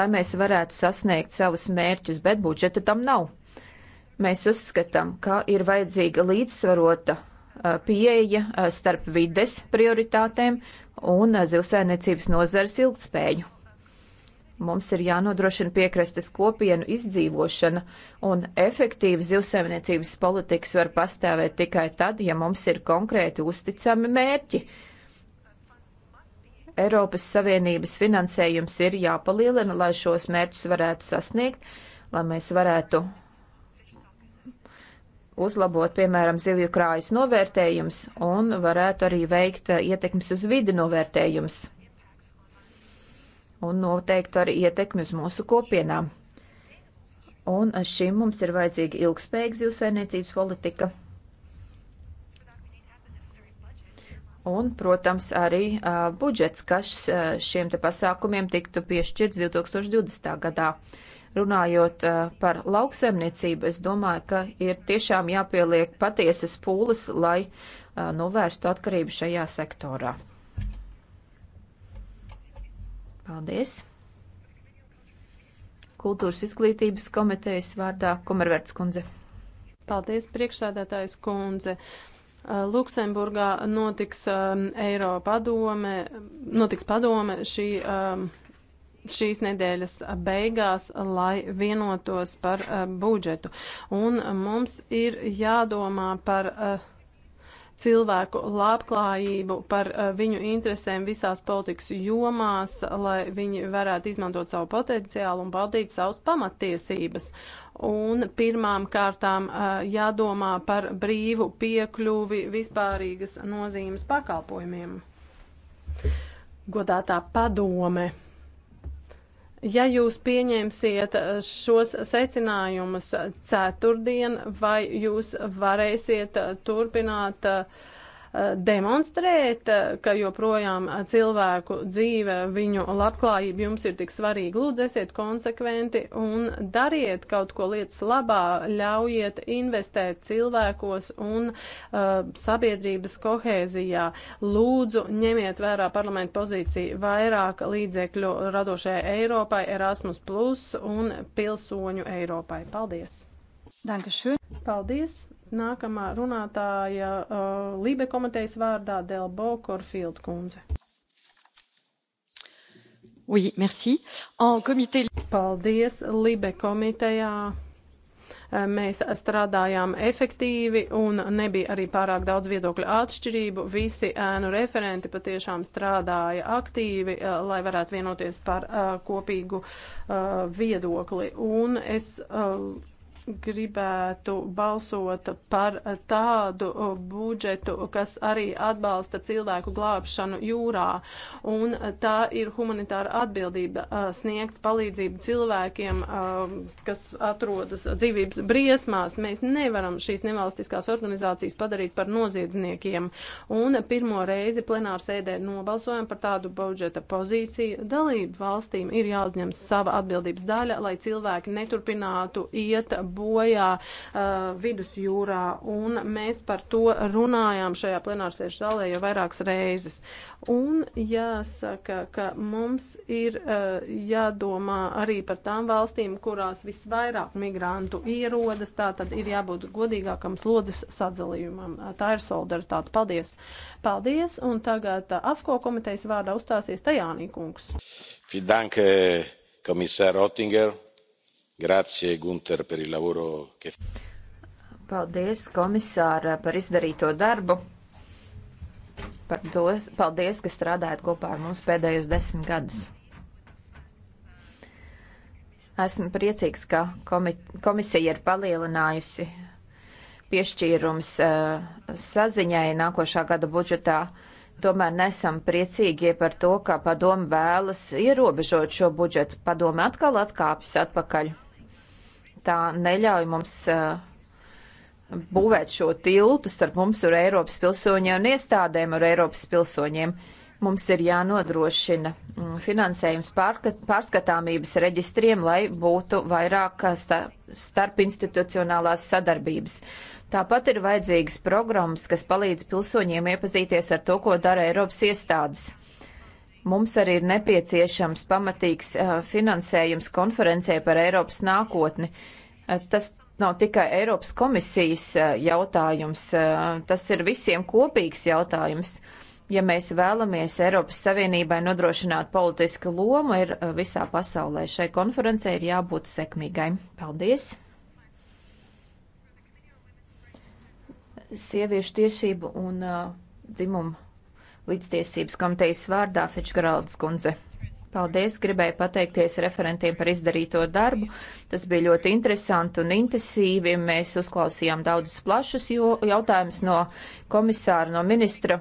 lai mēs varētu sasniegt savus mērķus, bet budžeta tam nav. Mēs uzskatām, ka ir vajadzīga līdzsvarota pieeja starp vides prioritātēm un zivsaimniecības nozares ilgspēju. Mums ir jānodrošina piekrastes kopienu izdzīvošana, un efektīva zivsaimniecības politikas var pastāvēt tikai tad, ja mums ir konkrēti uzticami mērķi. Eiropas Savienības finansējums ir jāpalielina, lai šos mērķus varētu sasniegt, lai mēs varētu uzlabot, piemēram, zivju krājas novērtējums un varētu arī veikt uh, ietekmes uz vidi novērtējums un noteiktu arī ietekmi uz mūsu kopienām. Un šim mums ir vajadzīga ilgspējīga zivsainiecības politika. Un, protams, arī uh, budžets, kas uh, šiem te pasākumiem tiktu piešķirts 2020. gadā. Runājot uh, par lauksaimniecību, es domāju, ka ir tiešām jāpieliek patiesas pūles, lai uh, novērstu atkarību šajā sektorā. Paldies! Kultūras izglītības komitejas vārdā Komervērts kundze. Paldies, priekšsēdētājs kundze. Uh, Luksemburgā notiks um, Eiropa padome, notiks padome šī um, šīs nedēļas beigās, lai vienotos par uh, budžetu. Un mums ir jādomā par uh, cilvēku labklājību, par eh, viņu interesēm visās politikas jomās, lai viņi varētu izmantot savu potenciālu un baudīt savus pamattiesības. Un pirmām kārtām eh, jādomā par brīvu piekļuvi vispārīgas nozīmes pakalpojumiem. Godātā padome Ja jūs pieņemsiet eh, šos secinājumus ceturtdien, vai jūs varēsiet eh, turpināt uh, Eh, demonstrēt, eh, ka joprojām cilvēku dzīve, viņu labklājība jums ir tik svarīga. Lūdzu, esiet konsekventi un dariet kaut ko lietas labā, ļaujiet investēt cilvēkos un uh, sabiedrības kohēzijā. Lūdzu, ņemiet vērā parlamentu pozīciju vairāk līdzekļu radošajai Eiropai, Erasmus Plus un pilsoņu Eiropai. Paldies! Dankeschön. Paldies! Nākamā runātāja uh, Lībe komitejas vārdā Delbo Korfield kundze. Oui, merci. En comité... Paldies, Libe komitejā uh, mēs strādājām efektīvi un nebija arī pārāk daudz viedokļu atšķirību. Visi ēnu referenti patiešām strādāja aktīvi, uh, lai varētu vienoties par uh, kopīgu viedokli. Un es gribētu balsot par tādu budžetu, kas arī atbalsta cilvēku glābšanu jūrā. Un tā ir humanitāra atbildība sniegt palīdzību cilvēkiem, kas atrodas dzīvības briesmās. Mēs nevaram šīs nevalstiskās organizācijas padarīt par noziedzniekiem. Un pirmo reizi plenāru sēdē nobalsojam par tādu budžeta pozīciju. Dalību valstīm ir jāuzņem sava atbildības daļa, lai cilvēki neturpinātu iet būvēt bojā uh, vidusjūrā, un mēs par to runājām šajā plenārsēžu zālē jau vairākas reizes. Un jāsaka, ka mums ir uh, jādomā arī par tām valstīm, kurās visvairāk migrantu ierodas, tā tad ir jābūt godīgākam slodzes sadalījumam. Uh, tā ir solidaritāte. Paldies! Paldies! Un tagad uh, AFCO komitejas vārdā uzstāsies Tajānī kungs. Fidanke, eh, komisāra Otinger. Grazie, Gunter, per il lavoro che. Paldies, komisāra, par izdarīto darbu. Par tos, paldies, ka strādājat kopā ar mums pēdējos desmit gadus. Esmu priecīgs, ka komi komisija ir palielinājusi piešķīrums uh, saziņai nākošā gada budžetā. Tomēr nesam priecīgi par to, ka padoma vēlas ierobežot šo budžetu. Padoma atkal atkāpjas atpakaļ tā neļauj mums uh, būvēt šo tiltu starp mums un Eiropas pilsoņiem un iestādēm ar Eiropas pilsoņiem. Mums ir jānodrošina mm, finansējums pārskatāmības reģistriem, lai būtu vairāk uh, starp institucionālās sadarbības. Tāpat ir vajadzīgas programmas, kas palīdz pilsoņiem iepazīties ar to, ko dara Eiropas iestādes. Mums arī ir nepieciešams pamatīgs uh, finansējums konferencē par Eiropas nākotni. Uh, tas nav tikai Eiropas komisijas uh, jautājums, tas ir visiem kopīgs jautājums. Ja mēs vēlamies Eiropas Savienībai nodrošināt politisku lomu, ir visā pasaulē šai konferencē ir jābūt sekmīgai. Paldies! Sieviešu tiesību un uh, dzimumu līdztiesības komitejas vārdā Fičgaraldas kundze. Paldies, gribēju pateikties referentiem par izdarīto darbu. Tas bija ļoti interesanti un intensīvi. Mēs uzklausījām daudzus plašus jautājumus no komisāra, no ministra.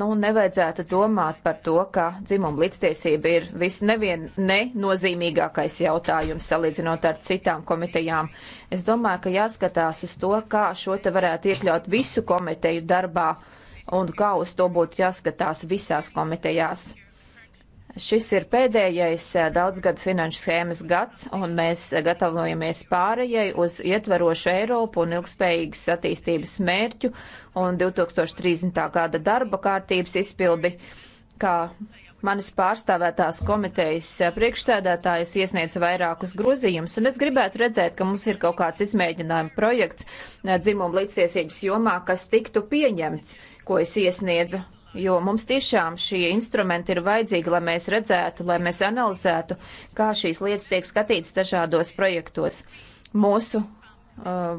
Nu, nevajadzētu domāt par to, ka dzimuma līdztiesība ir visnevien nenozīmīgākais jautājums salīdzinot ar citām komitejām. Es domāju, ka jāskatās uz to, kā šo te varētu iekļaut visu komiteju darbā un kā uz to būtu jāskatās visās komitejās. Šis ir pēdējais eh, daudzgadu finanšu schēmas gads, un mēs gatavojamies pārējai uz ietverošu Eiropu un ilgspējīgas attīstības mērķu un 2030. gada darba kārtības izpildi, kā manis pārstāvētās komitejas eh, priekšsēdētājas iesniedza vairākus grozījumus, un es gribētu redzēt, ka mums ir kaut kāds izmēģinājuma projekts eh, dzimumu līdztiesības jomā, kas tiktu pieņemts, ko es iesniedzu jo mums tiešām šie instrumenti ir vajadzīgi, lai mēs redzētu, lai mēs analizētu, kā šīs lietas tiek skatītas dažādos projektos. Mūsu uh,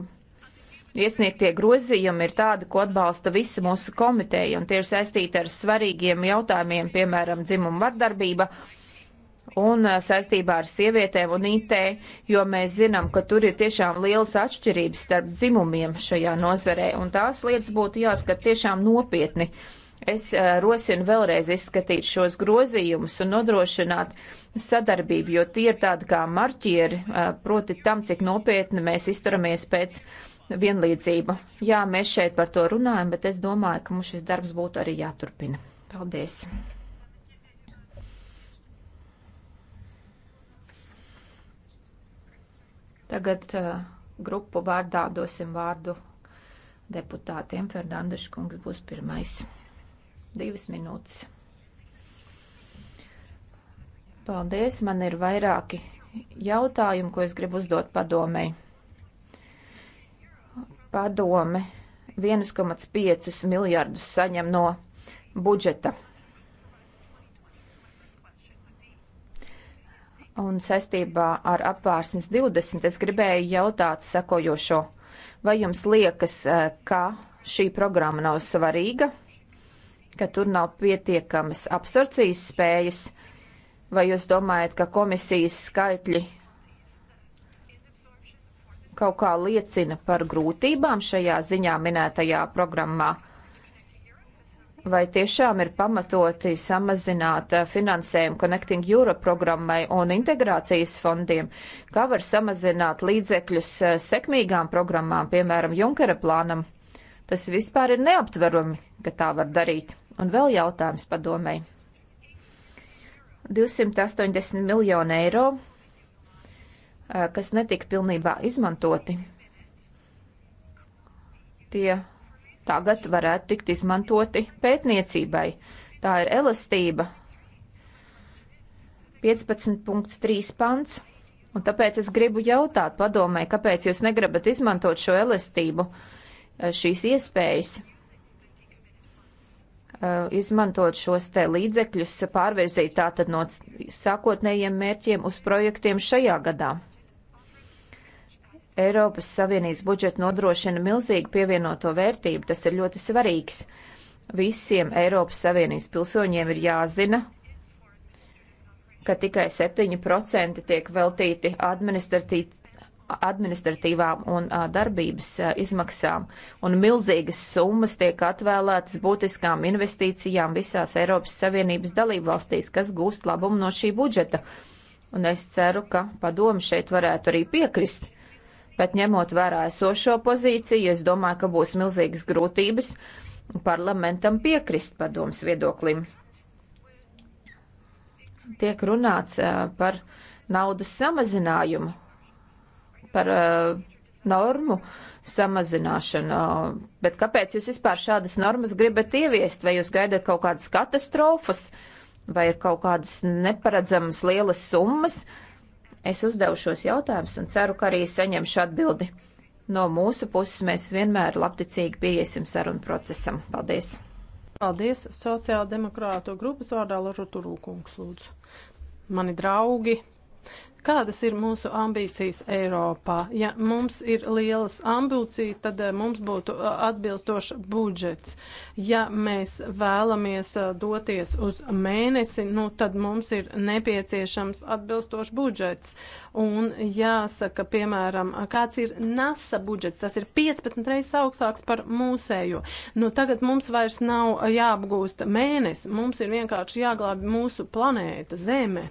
iesniegtie grozījumi ir tādi, ko atbalsta visi mūsu komiteja, un tie ir saistīti ar svarīgiem jautājumiem, piemēram, dzimumu vardarbība un uh, saistībā ar sievietēm un IT, jo mēs zinām, ka tur ir tiešām lielas atšķirības starp dzimumiem šajā nozarē, un tās lietas būtu jāskat tiešām nopietni. Uh, Es eh, rosinu vēlreiz izskatīt šos grozījumus un nodrošināt sadarbību, jo tie ir tādi kā marķieri, eh, proti tam, cik nopietni mēs izturamies pēc vienlīdzība. Jā, mēs šeit par to runājam, bet es domāju, ka mums šis darbs būtu arī jāturpina. Paldies! Tagad uh, grupu vārdā dosim vārdu deputātiem. Fernandeša kungs būs pirmais. Divas minūtes. Paldies, man ir vairāki jautājumi, ko es gribu uzdot padomei. Padome 1,5 miljardus saņem no budžeta. Un saistībā ar apvārsnes 20 es gribēju jautāt sekojošo. Vai jums liekas, eh, ka šī programma nav svarīga? ka tur nav pietiekamas absorpcijas spējas, vai jūs domājat, ka komisijas skaitļi kaut kā liecina par grūtībām šajā ziņā minētajā programmā? Vai tiešām ir pamatoti samazināt eh, finansējumu Connecting Europe programmai un integrācijas fondiem? Kā var samazināt līdzekļus eh, sekmīgām programmām, piemēram, Junkera plānam? Tas vispār ir neaptverami, ka tā var darīt. Un vēl jautājums padomēji. 280 miljonu eiro, kas netika pilnībā izmantoti, tie tagad varētu tikt izmantoti pētniecībai. Tā ir elastība. 15.3 pants. Un tāpēc es gribu jautāt padomē, kāpēc jūs negribat izmantot šo elastību, šīs iespējas, Uh, izmantot šos te līdzekļus, pārvirzīt tātad no sākotnējiem mērķiem uz projektiem šajā gadā. Eiropas Savienības budžets nodrošina milzīgu pievienoto vērtību, tas ir ļoti svarīgs. Visiem Eiropas Savienības pilsoņiem ir jāzina, ka tikai 7% tiek veltīti administratīvi administratīvām un darbības izmaksām, un milzīgas summas tiek atvēlētas būtiskām investīcijām visās Eiropas Savienības dalībvalstīs, kas gūst labumu no šī budžeta. Un es ceru, ka padomu šeit varētu arī piekrist. Bet ņemot vērā esošo pozīciju, es domāju, ka būs milzīgas grūtības parlamentam piekrist padoms viedoklim. Tiek runāts par naudas samazinājumu par uh, normu samazināšanu. Bet kāpēc jūs vispār šādas normas gribat ieviest? Vai jūs gaidat kaut kādas katastrofas, vai ir kaut kādas neparedzamas lielas summas? Es uzdevu šos jautājumus un ceru, ka arī saņemšu atbildi. No mūsu puses mēs vienmēr labticīgi pieiesim sarunu procesam. Paldies! Paldies! Sociāldemokrātu grupas vārdā Ložu Turūkungs lūdzu. Mani draugi, Kādas ir mūsu ambīcijas Eiropā? Ja mums ir lielas ambīcijas, tad eh, mums būtu eh, atbilstošs budžets. Ja mēs vēlamies eh, doties uz mēnesi, nu, tad mums ir nepieciešams atbilstošs budžets. Un jāsaka, piemēram, kāds ir NASA budžets, tas ir 15 reizes augstāks par mūsējo. Nu, tagad mums vairs nav jāapgūst mēnesi, mums ir vienkārši jāglābi mūsu planēta Zeme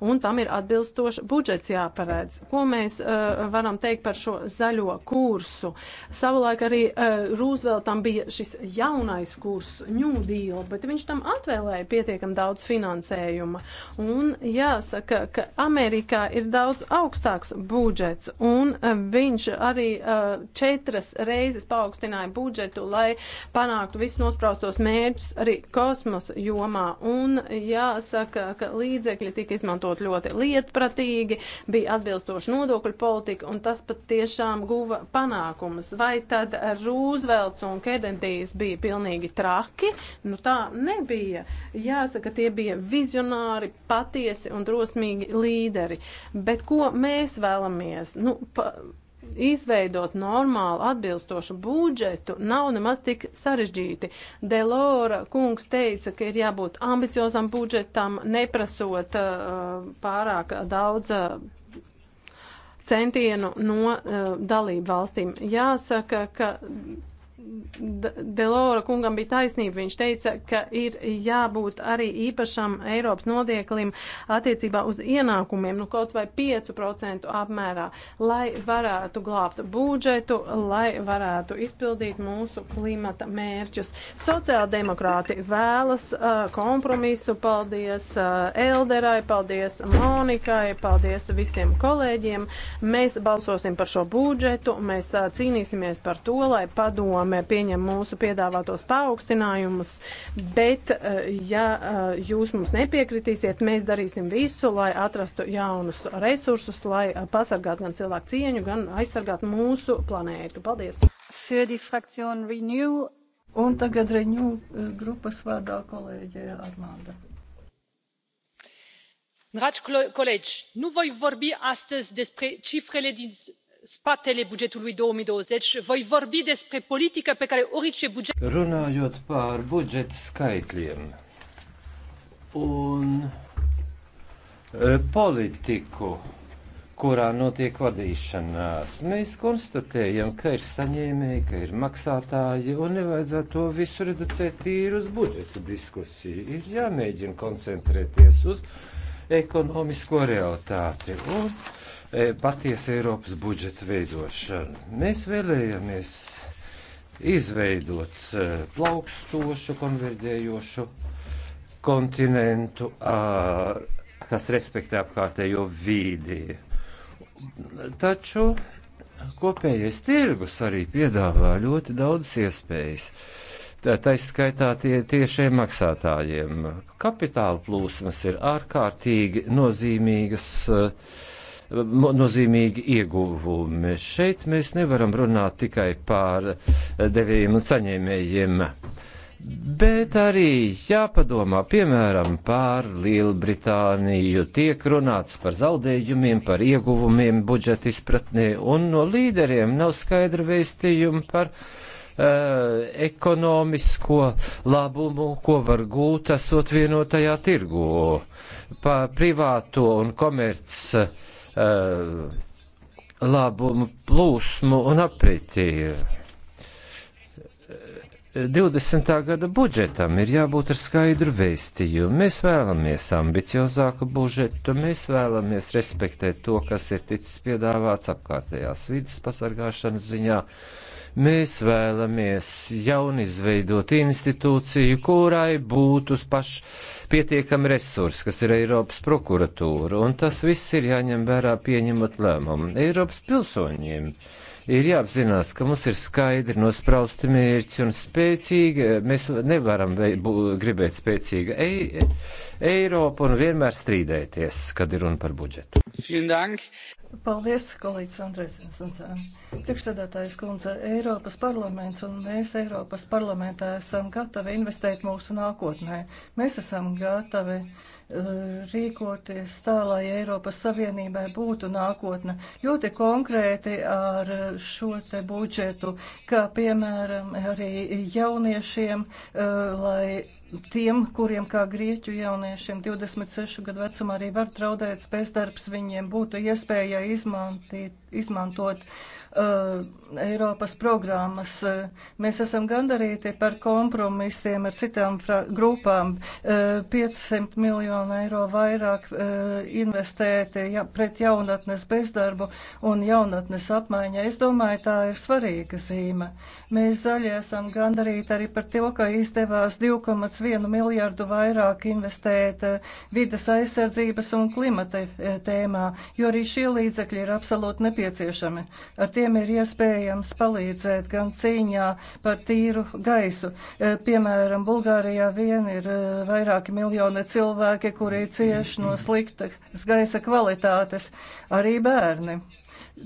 un tam ir atbilstoši budžets jāparedz. Ko mēs uh, varam teikt par šo zaļo kursu? Savulaik arī uh, Rūzveltam bija šis jaunais kurs, New Deal, bet viņš tam atvēlēja pietiekam daudz finansējuma. Un jāsaka, ka Amerikā ir daudz augstāks budžets, un uh, viņš arī uh, četras reizes paaugstināja budžetu, lai panāktu visus nospraustos mērķus arī kosmosa jomā. Un jāsaka, ka līdzekļi tika izmantot izmantot ļoti lietpratīgi, bija atbilstoša nodokļu politika, un tas pat tiešām guva panākumus. Vai tad Rūzvelts un Kedentijs bija pilnīgi traki? Nu tā nebija. Jāsaka, tie bija vizionāri, patiesi un drosmīgi līderi. Bet ko mēs vēlamies? Nu, pa, izveidot normālu atbilstošu budžetu nav nemaz tik sarežģīti. Delora kungs teica, ka ir jābūt ambiciozam budžetam, neprasot uh, pārāk daudz. Uh, centienu no uh, dalību valstīm. Jāsaka, ka Delora kungam bija taisnība. Viņš teica, ka ir jābūt arī īpašam Eiropas nodieklim attiecībā uz ienākumiem, nu kaut vai 5% apmērā, lai varētu glābt budžetu, lai varētu izpildīt mūsu klimata mērķus. Sociāldemokrāti vēlas uh, kompromisu. Paldies uh, Elderai, paldies Monikai, paldies visiem kolēģiem. Mēs balsosim par šo budžetu, mēs uh, cīnīsimies par to, lai padomu padomē pieņem mūsu piedāvātos paaugstinājumus, bet eh, ja eh, jūs mums nepiekritīsiet, mēs darīsim visu, lai atrastu jaunus resursus, lai eh, pasargātu gan cilvēku cieņu, gan aizsargātu mūsu planētu. Paldies! Für die Fraktion Renew Un tagad reņu grupas vārdā kolēģe Armanda. Dragi colegi, nu voi vorbi astăzi despre cifrele din spatele bugetului 2020, voi vorbi despre politică pe care orice buget... Runājot par budžeta skaitļiem un e, politiku, kurā notiek vadīšanās. Mēs konstatējam, ka ir saņēmēji, ka ir maksātāji, un nevajadzētu to visu reducēt tīri uz budžeta diskusiju. Ir jāmēģina koncentrēties uz ekonomisko realitāti. Un E, patiesa Eiropas budžeta veidošana. Mēs vēlējāmies izveidot e, plaukstošu, konverģējošu kontinentu, kas respektē apkārtējo vīdi. Taču kopējais tirgus arī piedāvā ļoti daudz iespējas. Tā izskaitā tie tiešiem maksātājiem. Kapitāla plūsmas ir ārkārtīgi nozīmīgas uh, nozīmīgi ieguvumi. Šeit mēs nevaram runāt tikai par devējiem un saņēmējiem. Bet arī jāpadomā, piemēram, par Lielbritāniju. Tiek runāts par zaudējumiem, par ieguvumiem budžeta izpratnē, un no līderiem nav skaidra vēstījuma par uh, ekonomisko labumu, ko var gūt esot vienotajā tirgū. Par privāto un komerces uh, uh, labumu plūsmu un apritī. 20. Eh, gada budžetam ir jābūt ar skaidru vēstījumu. Mēs vēlamies ambiciozāku budžetu, mēs vēlamies respektēt to, kas ir ticis piedāvāts apkārtējās vidas pasargāšanas ziņā. Uh, Mēs vēlamies jaunizveidot institūciju, kurai būtu paš pietiekami resursi, kas ir Eiropas prokuratūra, un tas viss ir jāņem vērā pieņemot lēmumu Eiropas pilsoņiem. Uh, ir jāapzinās, ka mums ir skaidri nosprausti mērķi un spēcīgi. Mēs nevaram gribēt spēcīgu Ei Eiropu un vienmēr strīdēties, kad ir runa par budžetu. Paldies, kolēģis Andrēsins. Priekšstādātājs kundze, Eiropas parlaments un mēs Eiropas parlamentā esam gatavi investēt mūsu nākotnē. Mēs esam gatavi Eh, rīkoties tā, lai Eiropas Savienībai būtu nākotne. Ļoti konkrēti ar šo te budžetu, kā piemēram arī jauniešiem, eh, lai tiem, kuriem kā grieķu jauniešiem 26 gadu vecumā arī var traudēts bezdarbs, viņiem būtu iespēja izmantīt, izmantot uh, Eiropas programmas. Mēs esam gandarīti par kompromisiem ar citām grupām. Uh, 500 miljonu eiro vairāk uh, investēti ja, pret jaunatnes bezdarbu un jaunatnes apmaiņa. Es domāju, tā ir svarīga zīme. Mēs zaļie esam gandarīti arī par to, ka izdevās 2,1 miljārdu vairāk investēt uh, vides aizsardzības un klimata uh, tēmā, jo arī šie līdzekļi ir absolūti nepieciešami. Ar tiem ir iespējams palīdzēt gan cīņā par tīru gaisu. E, piemēram, Bulgārijā vien ir e, vairāki miljoni cilvēki, kuri cieši no sliktas gaisa kvalitātes, arī bērni.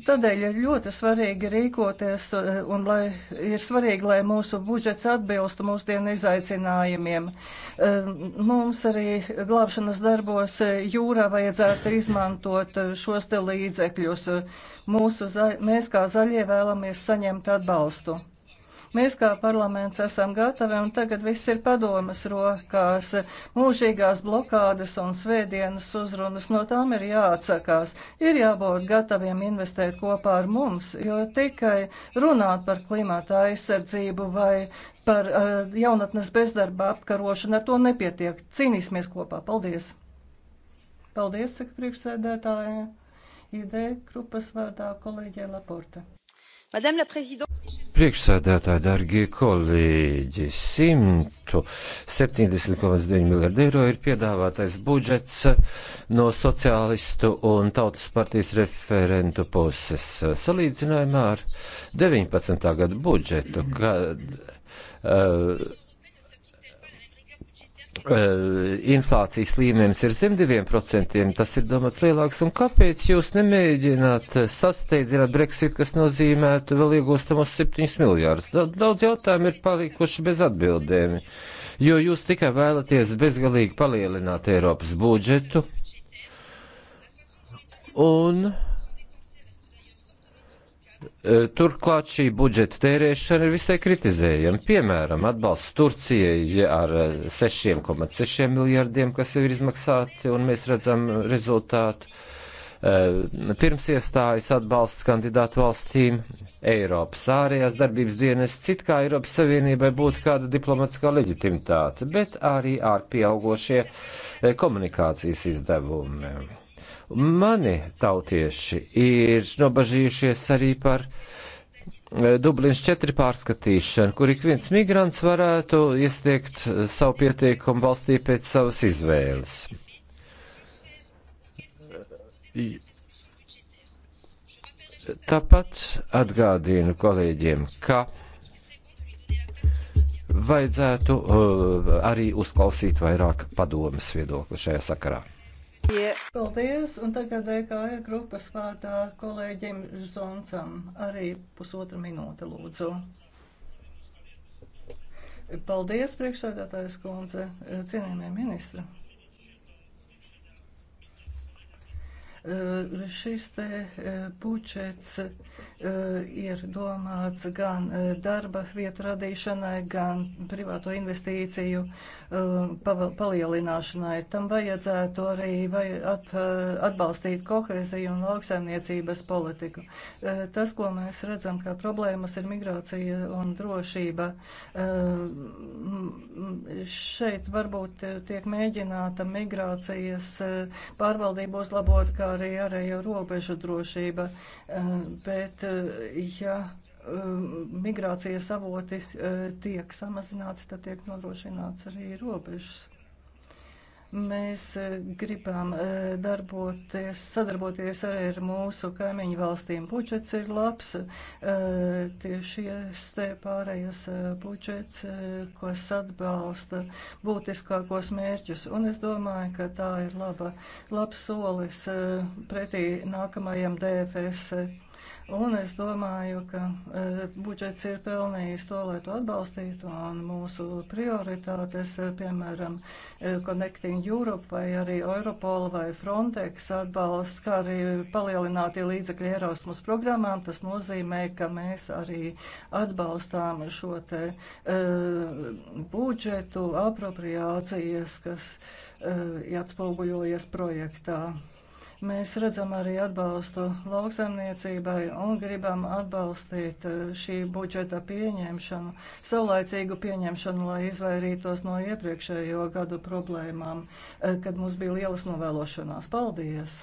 Tādēļ ir ļoti svarīgi rīkoties eh, un lai, ir svarīgi, lai mūsu budžets atbilstu mūsdienu izaicinājumiem. Eh, mums arī glābšanas darbos eh, jūrā vajadzētu izmantot šos te līdzekļus. Mūsu, mēs kā zaļie vēlamies saņemt atbalstu. Mēs kā parlaments esam gatavi, un tagad viss ir padomas rokās. Mūžīgās blokādes un svētdienas uzrunas no tām ir jāatsakās. Ir jābūt gataviem investēt kopā ar mums, jo tikai runāt par klimata aizsardzību vai par uh, jaunatnes bezdarba apkarošanu ar to nepietiek. Cīnīsimies kopā. Paldies! Paldies, saka priekšsēdētāja. ID grupas vārdā kolēģē Laporte. Madame la Présidente priekšsēdētāji, dargie kolēģi, 170,9 miljardi eiro ir piedāvātais budžets no sociālistu un tautas partijas referentu puses. Salīdzinājumā ar 19. gadu budžetu, kad. Uh, Eh, inflācijas līmenis ir zem 2%, tas ir domāts lielāks, un kāpēc jūs nemēģināt sasteidzināt Brexit, kas nozīmētu vēl iegūstamos 7 miljārdus? Daudz jautājumu ir palikuši bez atbildēm, jo jūs tikai vēlaties bezgalīgi palielināt Eiropas budžetu, un Eh, turklāt šī budžeta tērēšana ir visai kritizējama. Piemēram, atbalsts Turcijai ar 6,6 eh, miljardiem, kas jau ir izmaksāti, un mēs redzam rezultātu. Eh, pirms iestājas atbalsts kandidātu valstīm, Eiropas ārējās darbības dienas, cit kā Eiropas Savienībai būtu kāda diplomatiskā leģitimitāte, bet arī ar pieaugošie komunikācijas izdevumi Mani tautieši ir nobažījušies arī par e, Dublins 4 pārskatīšanu, kur ik viens migrants varētu iesniegt e, savu pieteikumu valstī pēc savas izvēles. Tāpat atgādīju kolēģiem, ka vajadzētu uh, arī uzklausīt vairāk padomas viedokli šajā sakarā. Yeah. Paldies, un tagad EKR grupas vārdā kolēģim Zoncam arī pusotra minūte lūdzu. Paldies, priekšsēdētājs kundze, cienījamie ministri. Eh, šis te budžets eh, eh, ir domāts gan darba vietu radīšanai, gan privāto investīciju palielināšanai. Tam vajadzētu arī atbalstīt kohēziju un lauksaimniecības politiku. Tas, ko mēs redzam kā problēmas, ir migrācija un drošība. Šeit varbūt tiek mēģināta migrācijas pārvaldību uzlabot, kā arī ārējo robežu drošība, eh, bet eh, ja eh, migrācijas avoti tiek samazināti, tad tiek nodrošināts arī robežas. Mēs e, gribam e, darboties, sadarboties arī ar mūsu kaimiņu valstīm. Budžets ir labs, e, tieši te pārējais budžets, kas atbalsta būtiskākos mērķus. Un es domāju, ka tā ir laba, labs solis pretī nākamajam DFS Un es domāju, ka e, budžets ir pelnījis to, lai to atbalstītu, un mūsu prioritātes, e, piemēram, e, Connecting Europe vai arī Europol vai Frontex atbalsts, kā arī palielinātie līdzekļi Erasmus programmām, tas nozīmē, ka mēs arī atbalstām šo te uh, budžetu apropriācijas, kas uh, atspoguļojas projektā. Mēs redzam arī atbalstu lauksaimniecībai un gribam atbalstīt eh, šī budžeta pieņemšanu, saulaicīgu pieņemšanu, lai izvairītos no iepriekšējo gadu problēmām, eh, kad mums bija lielas novēlošanās. Paldies!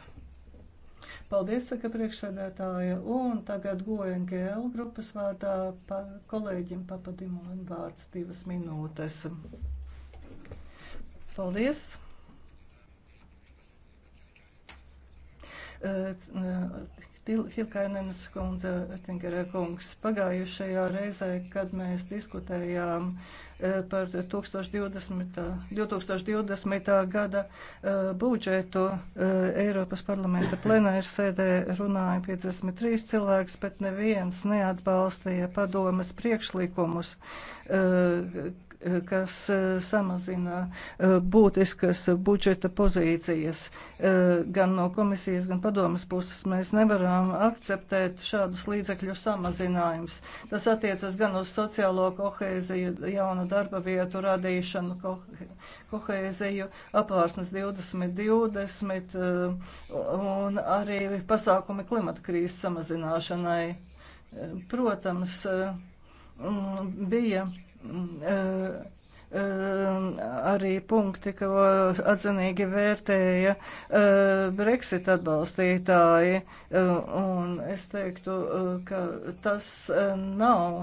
Paldies, saka priekšsēdētāja, un tagad GONGL grupas vārdā pa kolēģim papadimulim vārds divas minūtes. Paldies! Hilkainenes eh, kundze, Oettingera kungs. Pagājušajā reizē, kad mēs diskutējām eh, par 2020, 2020. gada eh, budžetu, Eiropas parlamenta plenāra sēdē runāja 53 cilvēks, bet neviens neatbalstīja padomas priekšlikumus, kas eh, samazina eh, būtiskas budžeta pozīcijas. Eh, gan no komisijas, gan padomas puses mēs nevaram akceptēt šādus līdzekļu samazinājumus. Tas attiecas gan uz sociālo kohēziju, jaunu darba vietu radīšanu, kohēziju, apvārsnes 2020 un arī pasākumi klimata krīzes samazināšanai. Protams, bija Eh, eh, arī punkti, ko atzinīgi vērtēja eh, Brexit atbalstītāji. Un es teiktu, ka tas nav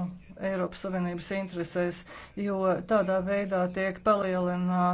Eiropas Savienības interesēs, jo tādā veidā tiek palielināta